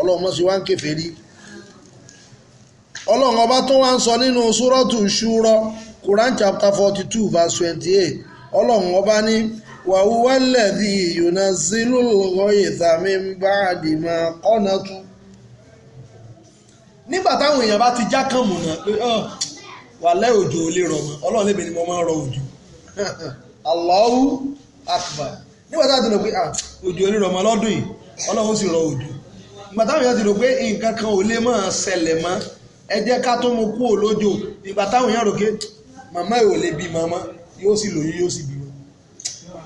ọlọ́run mọ́ sí wá ń kèfèrí ọlọ́run ọba tó wá ń sọ nínú súrọ́tù ṣúrọ́ quran chapter forty two verse twenty eight ọlọ́run ọba ní wàhùwà lẹ́dí yóná sílùlọ́ ìtàmì bá àdìmọ́ ọ̀nà tu. nígbà táwọn èèyàn bá ti já kàn múná pé ah, wà lẹ́ òjò ọlọ́run lọ́dún yìí ọlọ́run sì rọ òjò ẹ ká tó mú kú lójò ìgbà táwọn èèyàn ròké, màmá ẹ̀ lè bí màmá yóò sì lóyún yóò sì bímọ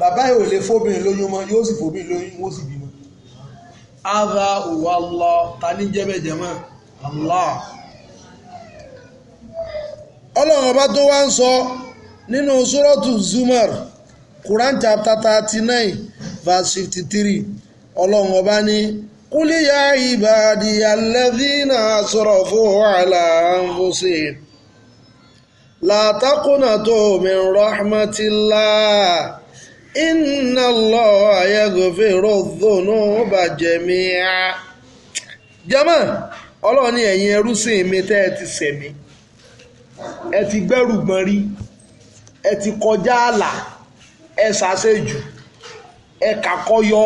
bàbá ẹ̀ lè fóbìnrin lóyún yóò sì fóbìnrin lóyún yóò sì bímọ. òwò Allah ta ní mọ́ Allah. ọlọ́run ọba tó wá ń sọ nínú Zumar Quran chapter thirty nine verse fifty three ọba ní. قل يا عبادي الذين أسرفوا على أنفسهم لا تقنطوا من رحمة الله إن الله يغفر الذنوب جميعا jẹ́mọ́ ọlọ́run ní ẹ̀yin ẹrúsìn mi tẹ́ ẹ ti sẹ̀mí ẹ ti gbẹ́rù gbọ́n rí ẹ ti kọjá àlà ẹ ṣàṣejù ẹ kàkọ́ yọ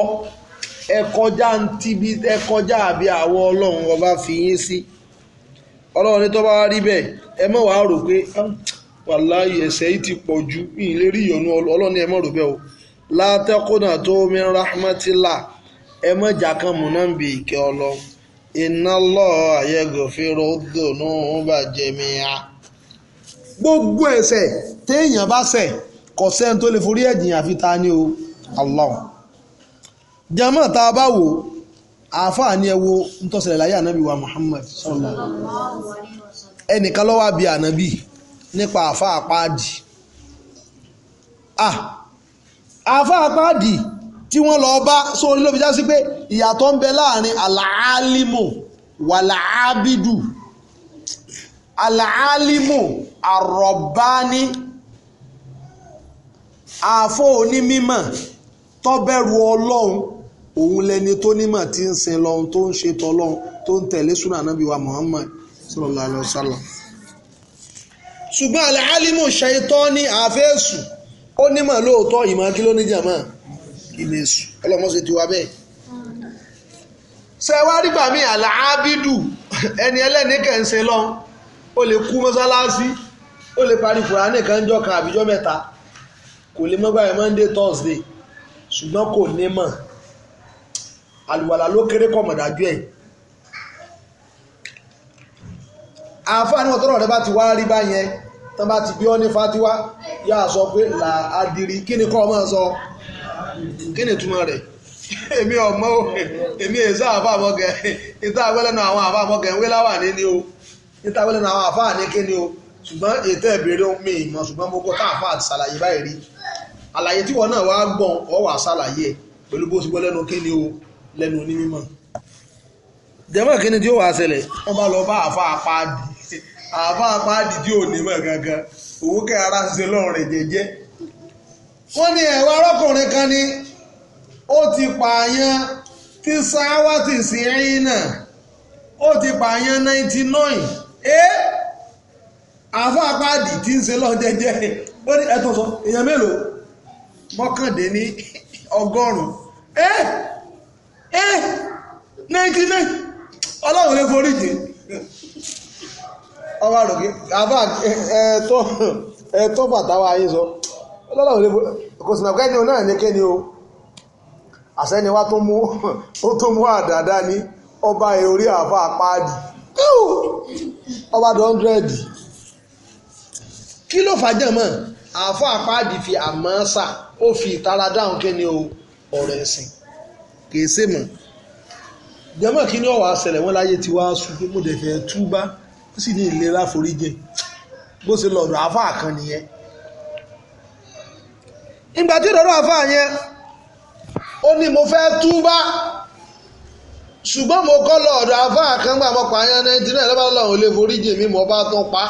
ẹ ntibi ntíbi àbí àwọ ọlọ́run ọba fi yín sí ọlọ́run ní bá rí bẹ́ẹ̀ ẹ mọ̀ wàá rò pé ah, wàláyé ẹ̀ṣẹ̀ yìí ti pọ̀ ju yìí lè rí ìyọnu ọlọ́run ní ẹ mọ̀ rò bẹ́ẹ̀ o látẹ́kùnà tó min rahmatillah ẹ mọ̀ jàkan múná ń bi ìkẹ́ iná gbogbo téèyàn bá sẹ́ni tó lè forí jama tá a bá wò àáfàá ni ẹ wo ntọ́sẹ̀lẹ̀ láyé ànábì wa Muhammad sallallahu ẹnìkan ló wá bi ànábì nípa àáfàá páàdì ah, àáfàá páàdì tí wọ́n lọ bá sórí ló fi já sí pé ìyàtọ̀ ń bẹ láàrin àlàálímù wàlàábìdù àlàálímù àrọ̀bání àfọ́ onímímọ̀ tọ́bẹ̀rù ọlọ́run òun lẹni tó nímọ̀ tí ń sin lọ́hun tó ń ṣe tọ́lọ́hun tó ń tẹ̀lé súnà ànábì wa Muhammad sallallahu alaihi wasallam. ṣùgbọ́n àlẹ́ alimu ṣayitọ́ ní àfẹ́sù ó nímọ̀ lóòótọ́ ìmọ̀ kí ló ní jàmọ́ kí ni èṣù ọlọ́mọṣẹ́ ti wá bẹ́ẹ̀. ṣé wàá rí gbàmí àlẹ́ ẹni ẹlẹ́ni kẹ́ ń ó lè kú mọ́sálásí ó lè parí fúránì kan jọ́ àbíjọ́ mẹ́ta kò lè mọ́gbà ẹ̀ Monday Thursday ṣùgbọ́n kò ní mọ̀ àlùwàlà ló kéré kọ̀ mọ̀dájú ẹ̀ àǹfààní ọ̀tọ́rọ̀ rẹ bá ti wá rí báyẹn tán bá ti bí ọ́ ní fatiwa yá sọ pé là adìrí kí ni kọ́ ọ máa sọ kí ni túmọ̀ rẹ̀ èmi ọmọ o èmi èso àfa àmọ́gẹ níta agbẹ́lẹ́nu àwọn àfa àmọ́gẹ ńwé láwà ní ni o níta agbẹ́lẹ́nu àwọn àfa àní kí ni o ṣùgbọ́n ètò ìbéèrè mi ìmọ̀ ṣùgbọ́n mo kọ́ tá àfa àti ṣàlàyé báyìí rí àlàyé tí wọn náà wá gbọ́n ọ wà ṣàlàyé pẹ̀lú bó ti gbọ́ lẹ́nu kí ni o lẹ́nu onímọ̀ jẹ́mọ̀ kí ni tí ó wà ṣẹlẹ̀ wọ́n bá lọ bá àpáàdì àpáàdì tí ó ní mọ̀ gangan òwò kẹ́ ara ṣe lọ́rùn rẹ̀ jẹ́jẹ́ wọ́n ní ẹ̀wọ́ arákùnrin kan ni ó ti pààyàn tí sáwá ti sí ẹ̀yìn náà ó ti pààyàn ninety ẹ́ àpáàdì tí ń ṣe lọ́rùn jẹ́jẹ́ ní ẹ̀tọ́ sọ èèyàn mélòó mọ́kàndínní ọgọ́rùn-ún ẹ́. ẹ eh, ninety nine ọlọ́run lè forí jì ọba àròkè àbá ẹ̀ẹ́tọ́ ẹ̀ẹ́tọ́ bàtà wa yín sọ ọlọ́run lè forí kò sì nàkọ́ ẹni o náà ní kẹ́ni o àsẹ́ni wa tó mú ó tó mú àdàdà ní ọba ẹ̀ orí àbá apáàdì ọba dọ́ndrẹ́dì kí ló fàájẹ̀ mọ́ àáfàá apáàdì fi àmọ́ sà ó fi ìtara dáhùn kẹ́ni o ọ̀rọ̀ ẹ̀sìn kì í ṣe mọ̀ jẹ́mọ̀ kí ni ó wá ṣẹlẹ̀ wọ́n láyé ti wá sùn pé mo dẹ̀ fẹ́ túbá ó sì ní ìlera foríjìn bó ṣe lọ́dọ̀ àfa kan nìyẹn ìgbà tí lọ́dọ̀ àfa yẹn ó ní mo fẹ́ túbá ṣùgbọ́n mo kọ́ lọ́dọ̀ àfa kan gbà mọ́ pa yẹn náà ìdílé lọ́ba lọ́wọ́ lè foríjìn mi mo bá tán pa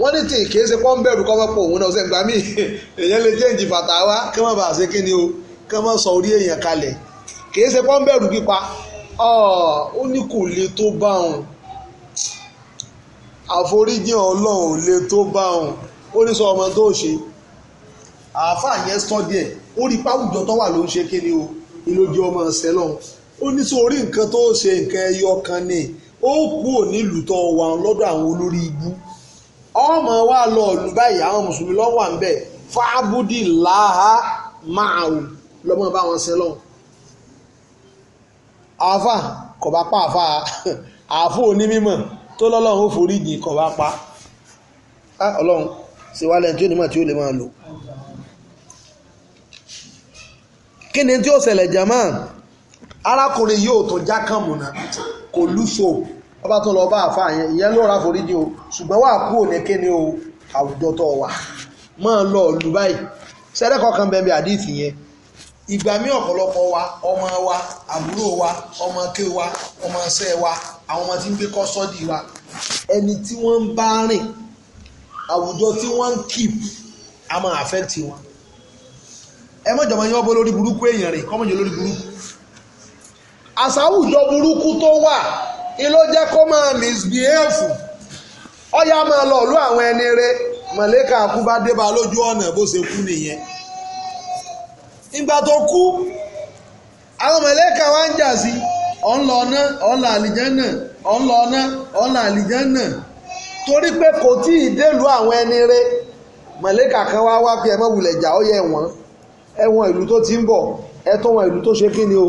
wọ́n ní tí kìí ṣe pọ́n bẹ̀rù kọ́ fẹ́ pọ̀ òun náà ṣe ń gbà mí èèyàn lè jẹ́ ìjì fàtà kí wọ́n bá ṣe kí ni o kí wọ́n sọ orí èèyàn kalẹ̀ kìí ṣe pọ́ńbẹ́rù pípa ah, ó ní kò le tó bá òun àforíjìn ọlọ́run ò le tó bá òun ó ní sọ ọmọ tó ṣe àáfàá yẹn sọ díẹ̀ ó rí páwùjọ tó wà ló ń ṣe kíni o ìlòdì ọmọ ọ̀sẹ̀ lọ́hùn ó ní sọ orí nǹkan tó ṣe nǹkan ẹyọ kan ni ó kú nílùú tó wà lọ́dọ̀ àwọn olórí ibú ọmọ wa lọ ọ̀lù báyìí àwọn mùsùlùmí lọ́wọ́ à ń bẹ̀ fábúdì láhá máa wù lọ́mọ bá wọn ṣe lọ́hùn àáfà kò bá pa àáfà àáfò onímọ̀ tó lọ́lọ́run ó forí jì kò bá pa ah, ọlọ́run ṣe wálẹ̀ tí ó nímọ̀ tí ó lè máa lò kí ni tí ó ṣẹlẹ̀ jama arákùnrin yóò tó jákàmùnà kò lúṣò ọba tó lọ bá àáfà yẹn ìyẹn ló ra forí jì o ṣùgbọ́n wà kú òní kí ni o àwùjọ tó wà máa lọ lù báyìí ṣẹ́rẹ́kọ̀ọ́ kan bẹ́ẹ̀ bí àdìsí yẹn ìgbà mí ọ̀pọ̀lọpọ̀ wa ọmọ wa àbúrò wa ọmọ ké wa ọmọ ṣẹ́ wa àwọn ọmọ tí ń gbé kọ́sọ́dì wa ẹni tí wọ́n ń bá rìn àwùjọ tí wọ́n ń keep a máa affect wọn ẹ mọ̀jọ̀ máa yọ bó lórí burúkú èèyàn rẹ̀ kọ́ mọ̀jọ̀ lórí burúkú àsáwùjọ burúkú tó wà ni ló jẹ́ kó máa misbehave ọ̀yà máa lọ àwọn ẹni rẹ̀ mọ̀lẹ́kà ìgbà tó kú àwọn mọ̀lẹ́kà wá ń jà sí ọ̀n lọ ọ̀nà ọ̀n lọ àlìjánà ọ̀n lọ ọ̀nà ọ̀n lọ àlìjánà torí pé kò tí ì délùú àwọn ẹni rẹ mọ̀lẹ́kà kan wá wá pé ẹ má wulẹ̀ jà ó yẹ wọ́n ẹ̀wọ̀n ìlú tó ti ń bọ̀ ẹ tó wọn ìlú tó ṣe kí ni o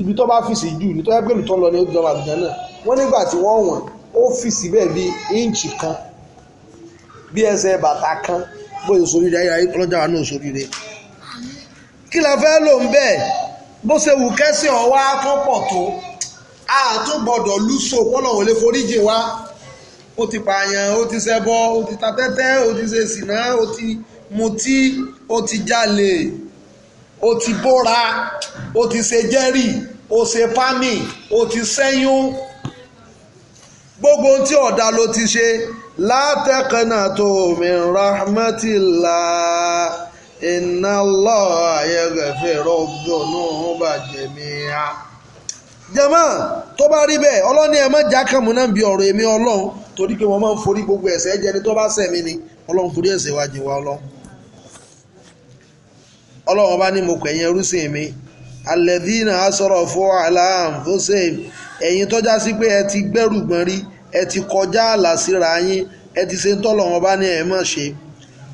ibi tó bá fìsì jù ní tó yẹ pé ìlú tó ń lọ ní ìjọba àlìjánà wọ́n nígbà tí wọ́n wọ̀n ó fìsì bẹ́ẹ̀ bí íǹchì kan bí ẹsẹ̀ bàtà kan bóyá sórí rẹ̀ ayé ayé kọlọ́jà wa náà sórí rẹ̀ kí la fẹ́ lò ń bẹ́ẹ̀ bó ṣe wù kẹ́sìn ọ̀wá tó pọ̀ tó a tún gbọ́dọ̀ lùsọ pọ́lọ̀wọ̀ lè foríjì wa ó ti pààyàn ó ti ṣẹbọ ó ti ta tẹ́tẹ́ ó ti ṣe sìná ó ti mutí ó ti jalè ó ti bóra ó ti ṣe jẹ́rì ó ṣe pámì ó ti ṣẹ́yún gbogbo tí ọ̀dà ló ti ṣe látẹ̀kẹ́nà tó min rahmatillah. iná lọ́ọ̀ ayẹ́gẹ̀fẹ́ rọ́ọ̀dọ̀ náà bà tó bá rí bẹ́ẹ̀ ọlọ́ni ẹ̀ má já kàmú náà bí ọ̀rọ̀ èmi ọlọ́run torí pé wọ́n máa ń forí gbogbo ẹ̀ṣẹ̀ jẹni tó bá ṣẹ̀ ni ọlọ́run mi á sọ̀rọ̀ fún aláàm fúnṣẹ́m ẹ̀yin tọ́já sí pé ẹ ti gbẹ́rù gbọ́n rí ti kọjá àlà síra yín ti ṣe ń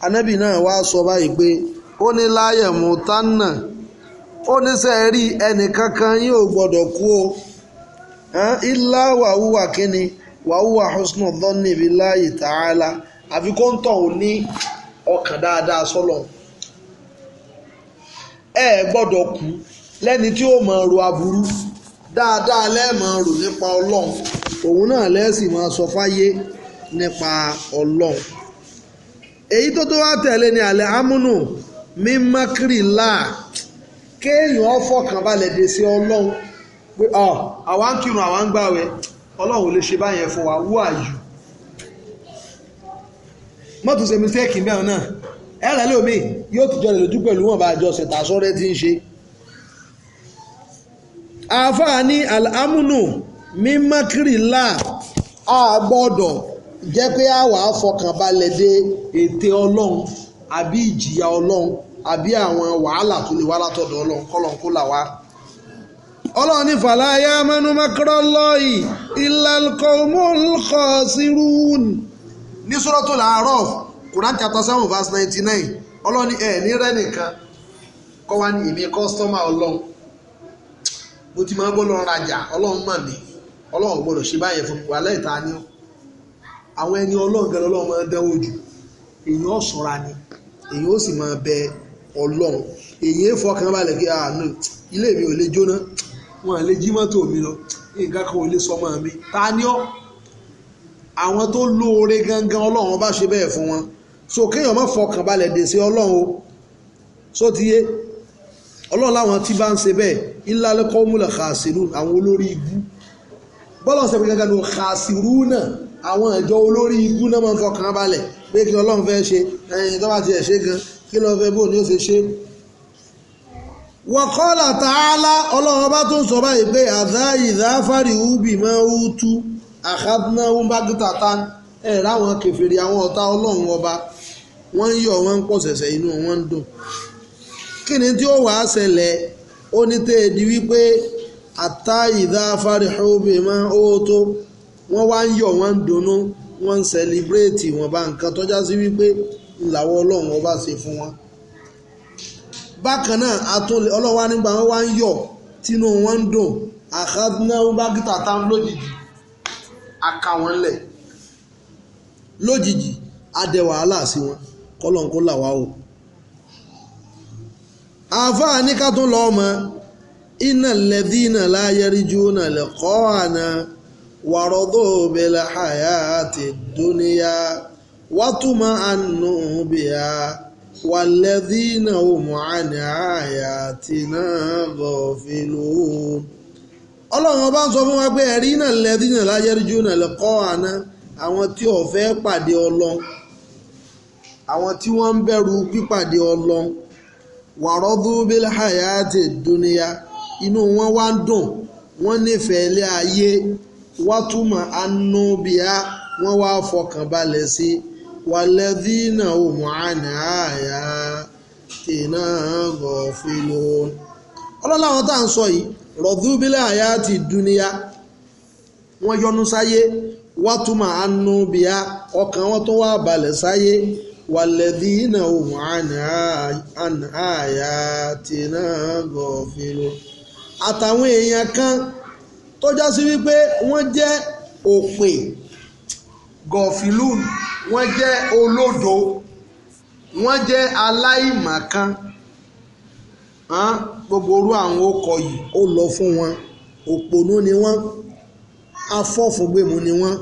anábì náà wá sọ báyìí pé ó ní láyẹ̀ mú tánà ó ní sẹ́ rí ẹnìkankan yín ò gbọ́dọ̀ kú o ilá wàhùwà kínni wàhùwà husna dhanni billahi ta'ala àfi kó ń tọ̀ ò ní ọkàn dáadáa sọ́lọ̀ ẹ gbọ́dọ̀ kú lẹ́ni tí ó máa ro aburú dáadáa lẹ́ẹ̀mọ̀ rò nípa ọlọ́run òun náà lẹ́sìn máa sọ fáyé nípa ọlọ́run èyí tó tó wá tẹ̀lé ni àlẹ́ amúnù mímákìrì láà kéèyàn ọ̀fọ̀kànbalẹ̀ dé sí ọlọ́run pé ọ àwa ń kírun àwa ń gbàwẹ̀ ọlọ́run ò lè ṣe báyẹn fún wa wú àyù mọ́tò ṣe mistake bẹ́ẹ̀ náà ẹ̀rọ lómi yóò tìjọ lè lójú pẹ̀lú wọn bá jọ ṣètà sọ́rẹ́ tí ń ṣe àáfàá ní àlámúnù mímákìrì láà a jẹ́ pé àwa fọkànbalẹ̀ dé ète ọlọ́run àbí ìjìyà ọlọ́run àbí àwọn wàhálà tó lè wá látọ̀dọ̀ ọlọ́run kọ́lọ́run kó là wá. ọlọ́run ní fàlàyé amẹ́nu makrọ́lọ́ọ̀yì ìlàkọ̀ọ́mọ́lùkọ́ sírún. ní Suratul A'raf Quran chapter seven verse ninety nine ọlọ́run ní ẹ̀ ní rẹ́ nìkan kọ́ wá ní èmi kọ́sítọ́mà ọlọ́run mo ti máa bọ́ lọ́ọ́ rajà ọlọ́run mọ̀ mí ọlọ́run gbọ́dọ̀ ṣe báyẹn fún wàhálà ìta ni ó àwọn ẹni ọlọ́run gan lọ́wọ́ máa ń dánwò jù èyàn ó ṣọ́ra ni èyàn ó sì máa bẹ ọlọ́run èyàn fọkàn balẹ̀ pé àánú ilé mi ò lè jóná wọn à lè jí mọ́tò mi lọ nǹkan kan ò lè sọmọ mi ta ni ọ́ àwọn tó lóore gangan ọlọ́run bá ṣe bẹ́ẹ̀ fún wọn so kéèyàn má fọkàn balẹ̀ dè sí ọlọ́run o so ti yé ọlọ́run láwọn tí bá ń ṣe bẹ́ẹ̀ ńlá lẹ́kọ́ múlẹ̀ kàṣírù àwọn olórí ibú bọ́lá ọ̀sẹ̀ pé gangan ló kàṣírù náà àwọn ìjọ olórí ibú náà máa ń fọkàn balẹ̀ pé kí ọlọ́run fẹ́ ṣe ẹyin tó bá tiẹ̀ ṣe gan kí lọ́ọ́ fẹ́ bóun ni ó ṣe ṣe. wọ́kọ́lá tààlà ọlọ́run bá tó ń sọ báyìí pé àdá ìdá fáríwú bì máa ń tú àkádúnáwó bá ta ẹ̀ ráwọn kẹfìrì àwọn ọ̀tá ọlọ́run ọba wọ́n ń yọ̀ wọ́n ń pọ̀ sẹ̀sẹ̀ inú wọn ń dùn. kí ni tí ó wàá ṣẹlẹ̀ ó ní tẹ́ ẹ̀ di wípé àtá ìdá fáríwú bì máa ń tó wọ́n wá ń yọ̀ wọ́n ń dunnú wọ́n ń sẹlẹ̀bírẹ́tì ìwọ̀nba nǹkan tọ́já sí wípé ńláwọ́ ọlọ́run ọba ṣe fún wọn. bákan náà atúnlẹ̀ ọlọ́wà nígbà wọn wá ń yọ̀ tínú wọn ń dùn àkàdúnáwó bákítà tá ń lójijì aka wọn lẹ̀ lójijì adẹ wàhálà sí wọn kọlọ́n kó là wá o. àáfàá ní ká tún lọ́ọ́ mọ iná lẹ́dínà láyẹ̀rí jóná lẹ́kọ́ àná. ورضوا بالحياة الدنيا واطمأنوا بها والذين هم عن آياتنا غافلون ọlọ́run ọba ń sọ àwọn tí ò pàdé ọlọ́run àwọn tí wọ́n ń bẹ̀rù pípàdé ọlọ́run wàrọ́dú bíláhàyà ti dúníyà inú wọn wá ń dùn wọ́n nífẹ̀ẹ́ wátúmọ̀ anúbíà wọ́n wá fọkàn balẹ̀ sí wàlẹ́dínà òmùhánà àyà tìǹà gọ̀fìlò. ọlọ́lá àwọn tá à ń sọ yìí rọ̀dúbílẹ̀ àyà ti dúníyà wọ́n yọnu sáyé wátúmọ̀ anúbíà ọkàn wọn tó wá balẹ̀ sáyé wàlẹ́dínà òmùhánà àyà tìǹà gọ̀fìlò. àtàwọn èèyàn kan tó já sí wípé wọ́n jẹ́ òpè gọ̀fìlún wọ́n jẹ́ olódo wọ́n jẹ́ aláìmọ̀kan gbogbo orú àwọn ọkọ̀ yìí ó lọ fún wọn òpònú ni wọ́n afọ́fúngbèmù ni wọ́n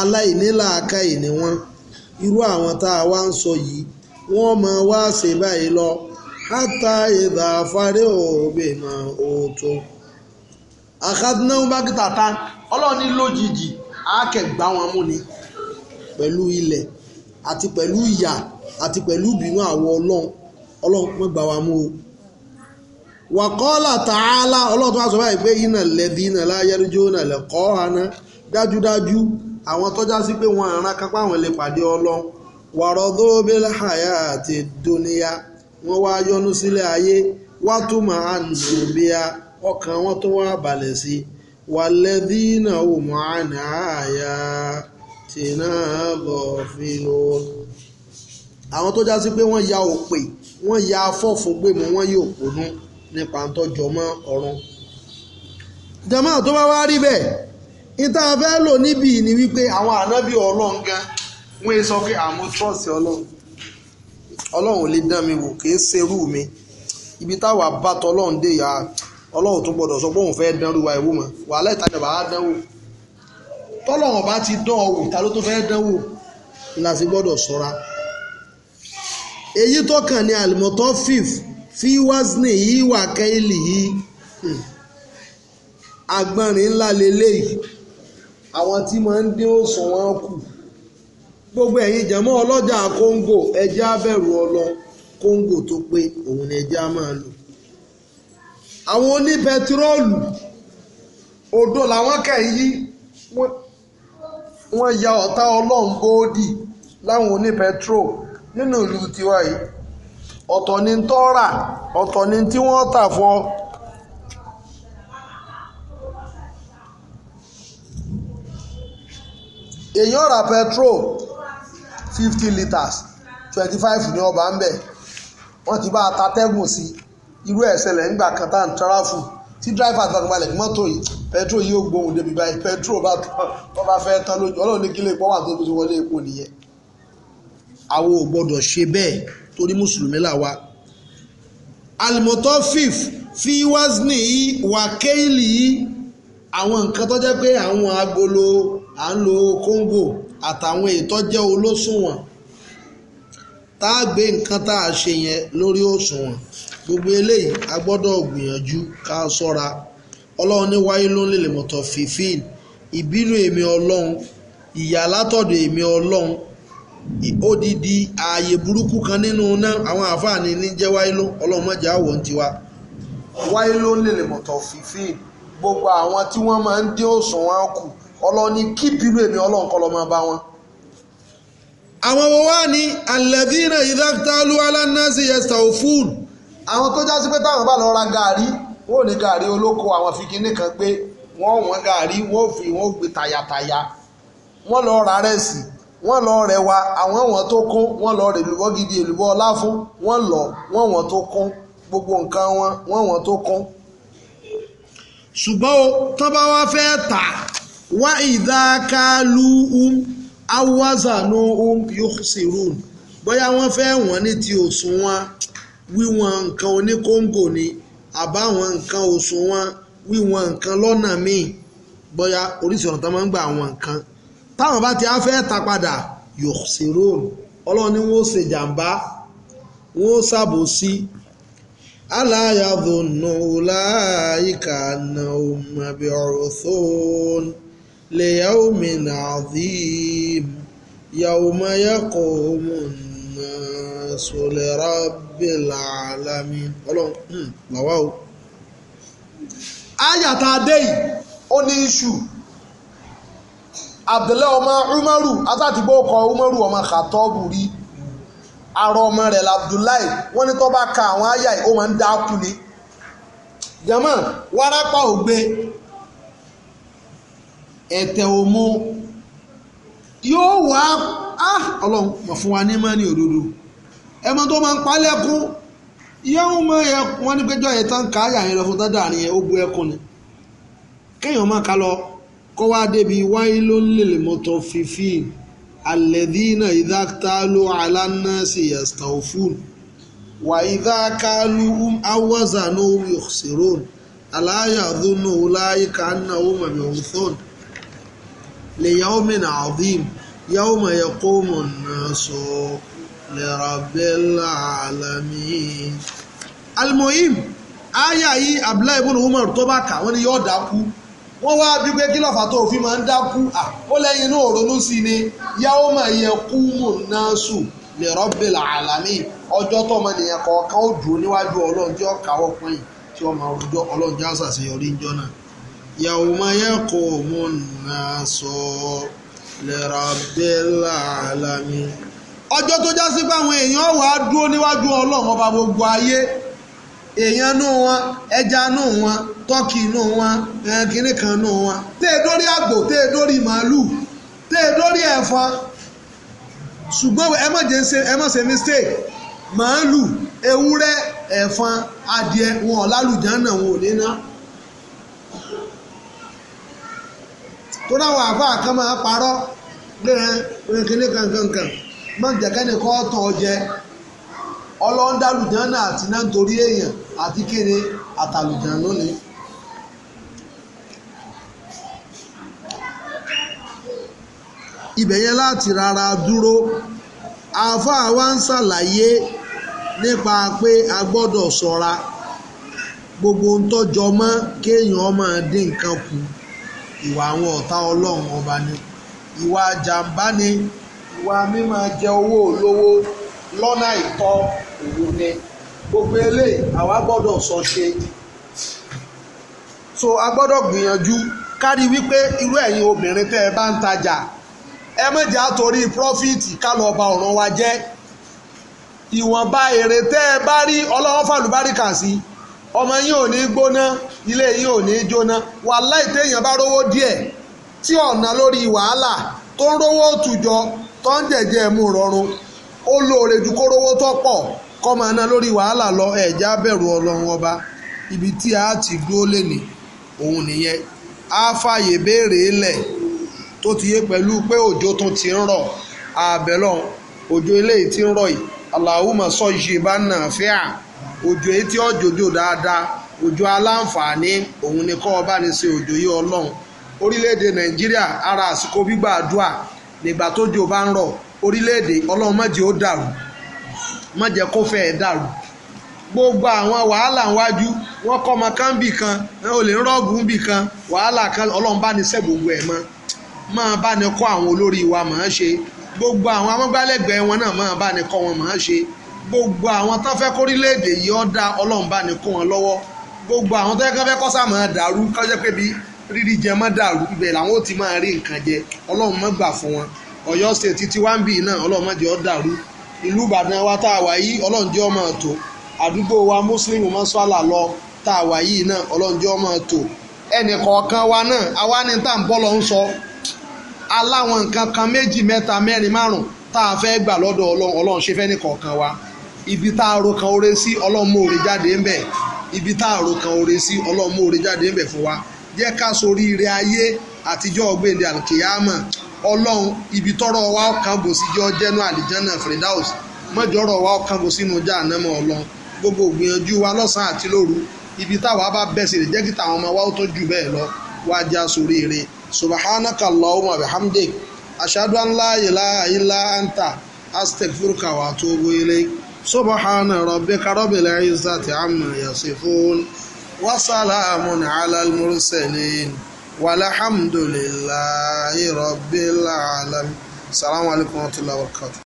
aláìnílàákàyè ni wọ́n irú àwọn tá a wá ń sọ yìí wọ́n máa wá ṣe báyìí lọ hátà ìdá afárẹ́ òbí máa ò tó àkàdúnáwó bá kìtà tán ọlọ́run ní lójijì àákẹ́gbá wọn mú ni pẹ̀lú ilẹ̀ àti pẹ̀lú ìyà àti pẹ̀lú ìbínú àwọn ọlọ́run ọlọ́run mọ́ gbà wá mú o. wàkọ́lá tààlà ọlọ́run tó wá sọ báyìí pé iná lẹ́dí iná láyẹ́rújú iná lẹ́kọ́ haná dájúdájú àwọn tọ́já sí pé wọ́n àrán kápá àwọn lè pàdé ọlọ́run wàrọ̀ dóbélà àyà àti dóníyà wọ́n wá yọnu sílẹ̀ ayé wá túmọ̀ àǹdùbíà ọkàn wọn tó wá balẹ̀ sí wàlẹ́dínà òmò àná àyà tìǹà gọ̀fìlò. àwọn tó já sí pé wọ́n ya òpè wọ́n ya afọ́fun gbé mu wọ́n yóò ponú nípa ntọ́jọ́ mọ́ ọ̀run. jama tó bá wá rí bẹ́ẹ̀ níta fẹ́ lò níbí ni wípé àwọn ànábì ọlọ́run gan wọ́n sọ pé àmú trọ́ọ̀sì ọlọ́run ọlọ́run ò lè dán mi wò kì í ṣerú mi ibi táwa bá tọ́lọ́run dé yàrá ọlọ́run tún gbọ́dọ̀ sọ pé òun fẹ́ dánrú wa ìwú mọ́ wàhálà ìtajọba á dánwò tọ́lọ́run bá ti dán ọwọ́ ta ló tún fẹ́ dánwò la sì gbọ́dọ̀ sọ́ra èyí tó kàn ní àlùmọ́tọ́ fif fi wásnì yìí wà kẹ́hìlì yìí hmm. agbọ́nrin ńlá leléyìí àwọn tí máa ń dín òsùn wọn kù gbogbo ẹ̀yin jẹ̀mọ́ ọlọ́jà kóńgò ẹja bẹ̀rù ọlọ kóńgò tó pé òun ni ẹja máa lò àwọn oníbẹtiróòlù odò làwọn kẹ̀ ń yí wọ́n ya ọ̀tá ọlọ́run góódì láwọn oníbẹtiróò nínú ìlú tiwa yìí ọ̀tọ̀ ni tó rà ọ̀tọ̀ ni tí wọ́n tà fọ́ èèyàn ra petrol fifty litres twenty five ní ọba ń bẹ̀ wọ́n ti bá a ta tẹ́gùn sí i irú ẹ̀ ṣẹlẹ̀ nígbà kan tá à ń tẹ́ráfù tí dráìfà tó balẹ̀ mọ́tò yìí pẹtrol yóò gbóhùn débi báyìí pẹtrol bá tán bá fẹ́ tán lójú ọlọ́run ní kí lè pọ́ wà tó fi wọlé epo nìyẹn. àwọn ò gbọ́dọ̀ ṣe bẹ́ẹ̀ torí mùsùlùmí là wa. alimotofif fi wazni yìí wákẹ́ẹ̀lì yìí àwọn nǹkan tó jẹ́ pé àwọn agolo à ń lo kóńgò àtàwọn ètò jẹ́ olóṣùwọ̀n tá a gbé nǹkan tá a ṣe yẹn lórí òṣùwọ̀n gbogbo eléyìí a gbọ́dọ̀ gbìyànjú ká ṣọ́ra ọlọ́run ní wáyé ló ń lè lèmọ̀tọ̀ fìfín ìbínú èmi ọlọ́run ìyà látọ̀dọ̀ èmi ọlọ́run odidi ààyè burúkú kan nínú náà àwọn àfáàní ní jẹ́ wáyé ló ọlọ́run mọ̀jà wọ̀ ń tiwa wáyé ló ń lè lèmọ̀tọ̀ fìfín gbogbo àwọn tí wọ́n máa ń dín òsùn wọn kù ọlọ́run ní kí ìbínú èmi ọlọ́run kọ́ lọ máa bá wọn àwọn wo wá ní alladhina idha iktalu ala nnasi yastawfun àwọn tó já sí pé táwọn bá lọ ra gàárì wọn ò ní gàárì olóko àwọn fi kinní kan gbé wọn wọn gàárì wọn ò fi wọn ò gbé tayàtayà wọn lọ ra rẹ́sì wọn lọ rẹwà àwọn wọn tó kún wọn lọ rèlùbọ́ gidi èlùbọ́ ọlá fún wọn lọ wọn wọn tó kún gbogbo nǹkan wọn wọn wọn tó kún ṣùgbọ́n o tán bá wá fẹ́ tà wá ìdákàlù um awazanu um yuxirun bóyá wọ́n fẹ́ wọ́n ní ti òṣùwọ̀n wíwọn nǹkan oníkóńgò ni àbáwọn nǹkan òṣùwọ̀n wíwọn nǹkan lọ́nà míì bóyá oríṣi ọ̀nà tó máa ń gba àwọn nǹkan táwọn bá ti á fẹ́ ta padà yóò ṣe róòmù wọ́n ṣe jàǹbá wọ́n láyìíká ọ̀rọ̀ lè mi sọlẹ̀ rábìlà alámi ọlọ́run làwa hmm, o. ayàtà adé yìí ó ní iṣu abdullahi ọmọ umaru atátìgbọ́ ọkọ̀ umaru ọmọ kàtọ́ọ̀bù rí ara ọmọ rẹ̀ labdullahi wọ́n ní tó bá ka àwọn àyà yìí ó máa ń dákú ni jama warapa ògbé ẹ̀tẹ̀ òmu yóò wá ah ọlọ́run mọ̀ fún wa ní mọ́ ní òdodo ẹmọ tó máa ń palẹ́kún yẹ́hùn mọ́ ẹ wọ́n ní péjọ yẹn tán káyà yẹn lọ fún tán dàrin yẹn ó bu ẹkún ni kéèyàn máa ká lọ kó wá débi wáyé ló ń lè mọ́tò fífi alẹ́dínà ìdáktáló alánàṣì yastawfun wà ìdákálú awọ́zànú yòsèrón aláyàdúnú láyé kánà ó mọ̀mí òun thon lèyàwó mìíràn àdìm يوم يقوم الناس لرب العالمين almohim aya yìí abdullahi ibn umar tó bá kà wọ́n dákú wọ́n wá bí pé kí lọ́fà tó máa ń dákú ó lẹ́yìn inú òrónú sí ni yawma yaqumu nnasu li rabbil alamin ọjọ́ tó nìyẹn ó dùn níwájú tí wọ́n máa lẹ́rọ̀bẹ́lá ọjọ́ tó já sí pé èèyàn wà á dúró níwájú ọlọ́run gbogbo ayé èèyàn nù wọn ẹja nù wọn tọ́kì nù wọn kínní kan nù wọn. tẹ́ dórí àgbò dórí ṣùgbọ́n ẹ jẹ́ ẹ ṣe mistake ewúrẹ́ adìẹ wọn wọn ò ní tó dáwọn àfáà kan máa parọ́ lẹ́rẹ̀ rìnkìní kankankan má ń jẹ́kẹ́ni kọ́ tán ọ jẹ ọlọ́ńdàlùjánà àti náà nítorí èèyàn àti kéde àtàlùjánà lónìí. ibẹ̀ yẹn láti rárá dúró àáfàá wa ń ṣàlàyé nípa pé a gbọ́dọ̀ ṣọ́ra gbogbo ń tọ́jọ mọ́ kéèyàn máa dín nǹkan kù. ìwà àwọn ọ̀tá ọlọ́run ọba ni ìwà jàǹbá ni ìwà mímọ jẹ owó olówó lọ́nà ìtọ́ òun ni gbogbo eléyìí àwa gbọ́dọ̀ sọ ṣe so a gbọ́dọ̀ gbìyànjú kárí wípé irú ẹ̀yin obìnrin tẹ́ ẹ bá ń tajà ẹ mọ̀jẹ̀ àtòrí prọ́fìtì ká lọ ba ọ̀ràn wa jẹ́ ìwọ̀nba èrè tẹ́ ẹ bá rí ọlọ́wọ́ fàlùbáríkà sí i ọmọ yín ò ní gbóná ilé yín ò ní jóná wàláì téèyàn bá rówó díẹ̀ tí ọ̀nà lórí wàhálà tó ń rówó òtùjọ tó ń jẹ̀jẹ̀ mú rọrùn ó lóore ju kó rówó tó pọ̀ kọ́ máa ná lórí wàhálà lọ ẹ̀já bẹ̀rù ọlọ́run ọba ibi tí a ti dúró lè ní òun nìyẹn á fààyè béèrè lẹ̀ tó ti yé pẹ̀lú pé òjò tó ti ń rọ̀ àbẹ̀lọ́n òjò eléyìí ti ń rọ̀ yìí Allahumma sọ ìṣèbá náà fẹ́ à. òjò etí ọ̀jòjò dáadáa òjò aláǹfààní òun ni kọ́ ọba ní ṣe òjò yìí ọlọ́run orílẹ̀-èdè nàìjíríà ara àsìkò gbígbà àdúà nígbà tójò bá ń rọ̀ orílẹ̀-èdè ọlọ́run má ó dàrú má jẹ́ kó fẹ́ ẹ̀ dàrú gbogbo àwọn wàhálà wájú wọn kọ́ ọmọ kan bì kan olè rọ́ọ̀bù bì kan wàhálà kan ọlọ́run bá ní ṣe gbogbo ẹ̀ mọ́ máa bá ní kọ́ àwọn olórí wa màá ṣe gbogbo àwọn amọ́gbálẹ́gbẹ̀ẹ́ wọn náà máa bá ní kọ́ wọn màá ṣe gbogbo àwọn tó fẹ́ kórílẹ̀-èdè yìí ó dá ọlọ́run bá ní kó wọn lọ́wọ́ gbogbo àwọn tó fẹ́ kọ́ sáà máa dàrú kọ́ jẹ́ pé bí rírí jẹ mọ́ dàrú ibẹ̀ làwọn ò ti máa rí nǹkan jẹ ọlọ́run má gbà fún wọn ọ̀yọ́ state títí wá ń bì náà ọlọ́run má jẹ́ ó dàrú ìlú ìbàdàn wa tá a wà yìí ọlọ́run jẹ́ ó máa tò àdúgbò wa mùsùlùmí mọ́ṣálà lọ tá a wà yìí náà ọlọ́run jẹ́ ó máa ẹnì kọ̀ọ̀kan wa náà àwa ni tá à ń bọ́ lọ ń sọ aláwọn nǹkan kan méjì mẹ́ta mẹ́rin márùn-ún tá a fẹ́ gbà lọ́dọ̀ ọlọ́run ṣe fẹ́ nìkọ̀ọ̀kan wa ibi tá a ro kan oore sí ọlọ́mọ oore jáde ń bẹ̀ ibi tá a ro kan oore sí ọlọ́mọ oore jáde ń bẹ̀ fún wa jẹ́ ká sorí ire ayé àtijọ́ ọ̀gbẹ́ndẹ̀ alkiyama ọlọ́run ibi tọ́rọ̀ wa kan bò sí jọ jẹ́nu àlìjánà Firdaus mọ́jọ́rọ̀ wa kan bò sínú jáànámọ̀ ọlọ́run gbogbo ògbìyànjú wa lọ́sàn-án àti lóru ibi táwa bá bẹ̀sẹ̀ rẹ̀ jẹ́ kí tàwọn ọmọ wa ó tó jù bẹ́ẹ̀ lọ wá já sórí ire subhanaka allahumma bihamdik ashadu an la ilaha illa anta astaghfiruka wa atubu ilayk subhana rabbika rabbil izzati amma yasifun wa salamun ala al-mursalin walhamdulillahi rabbil alamin salamu alaykum wa rahmatulahi wa barakatuh.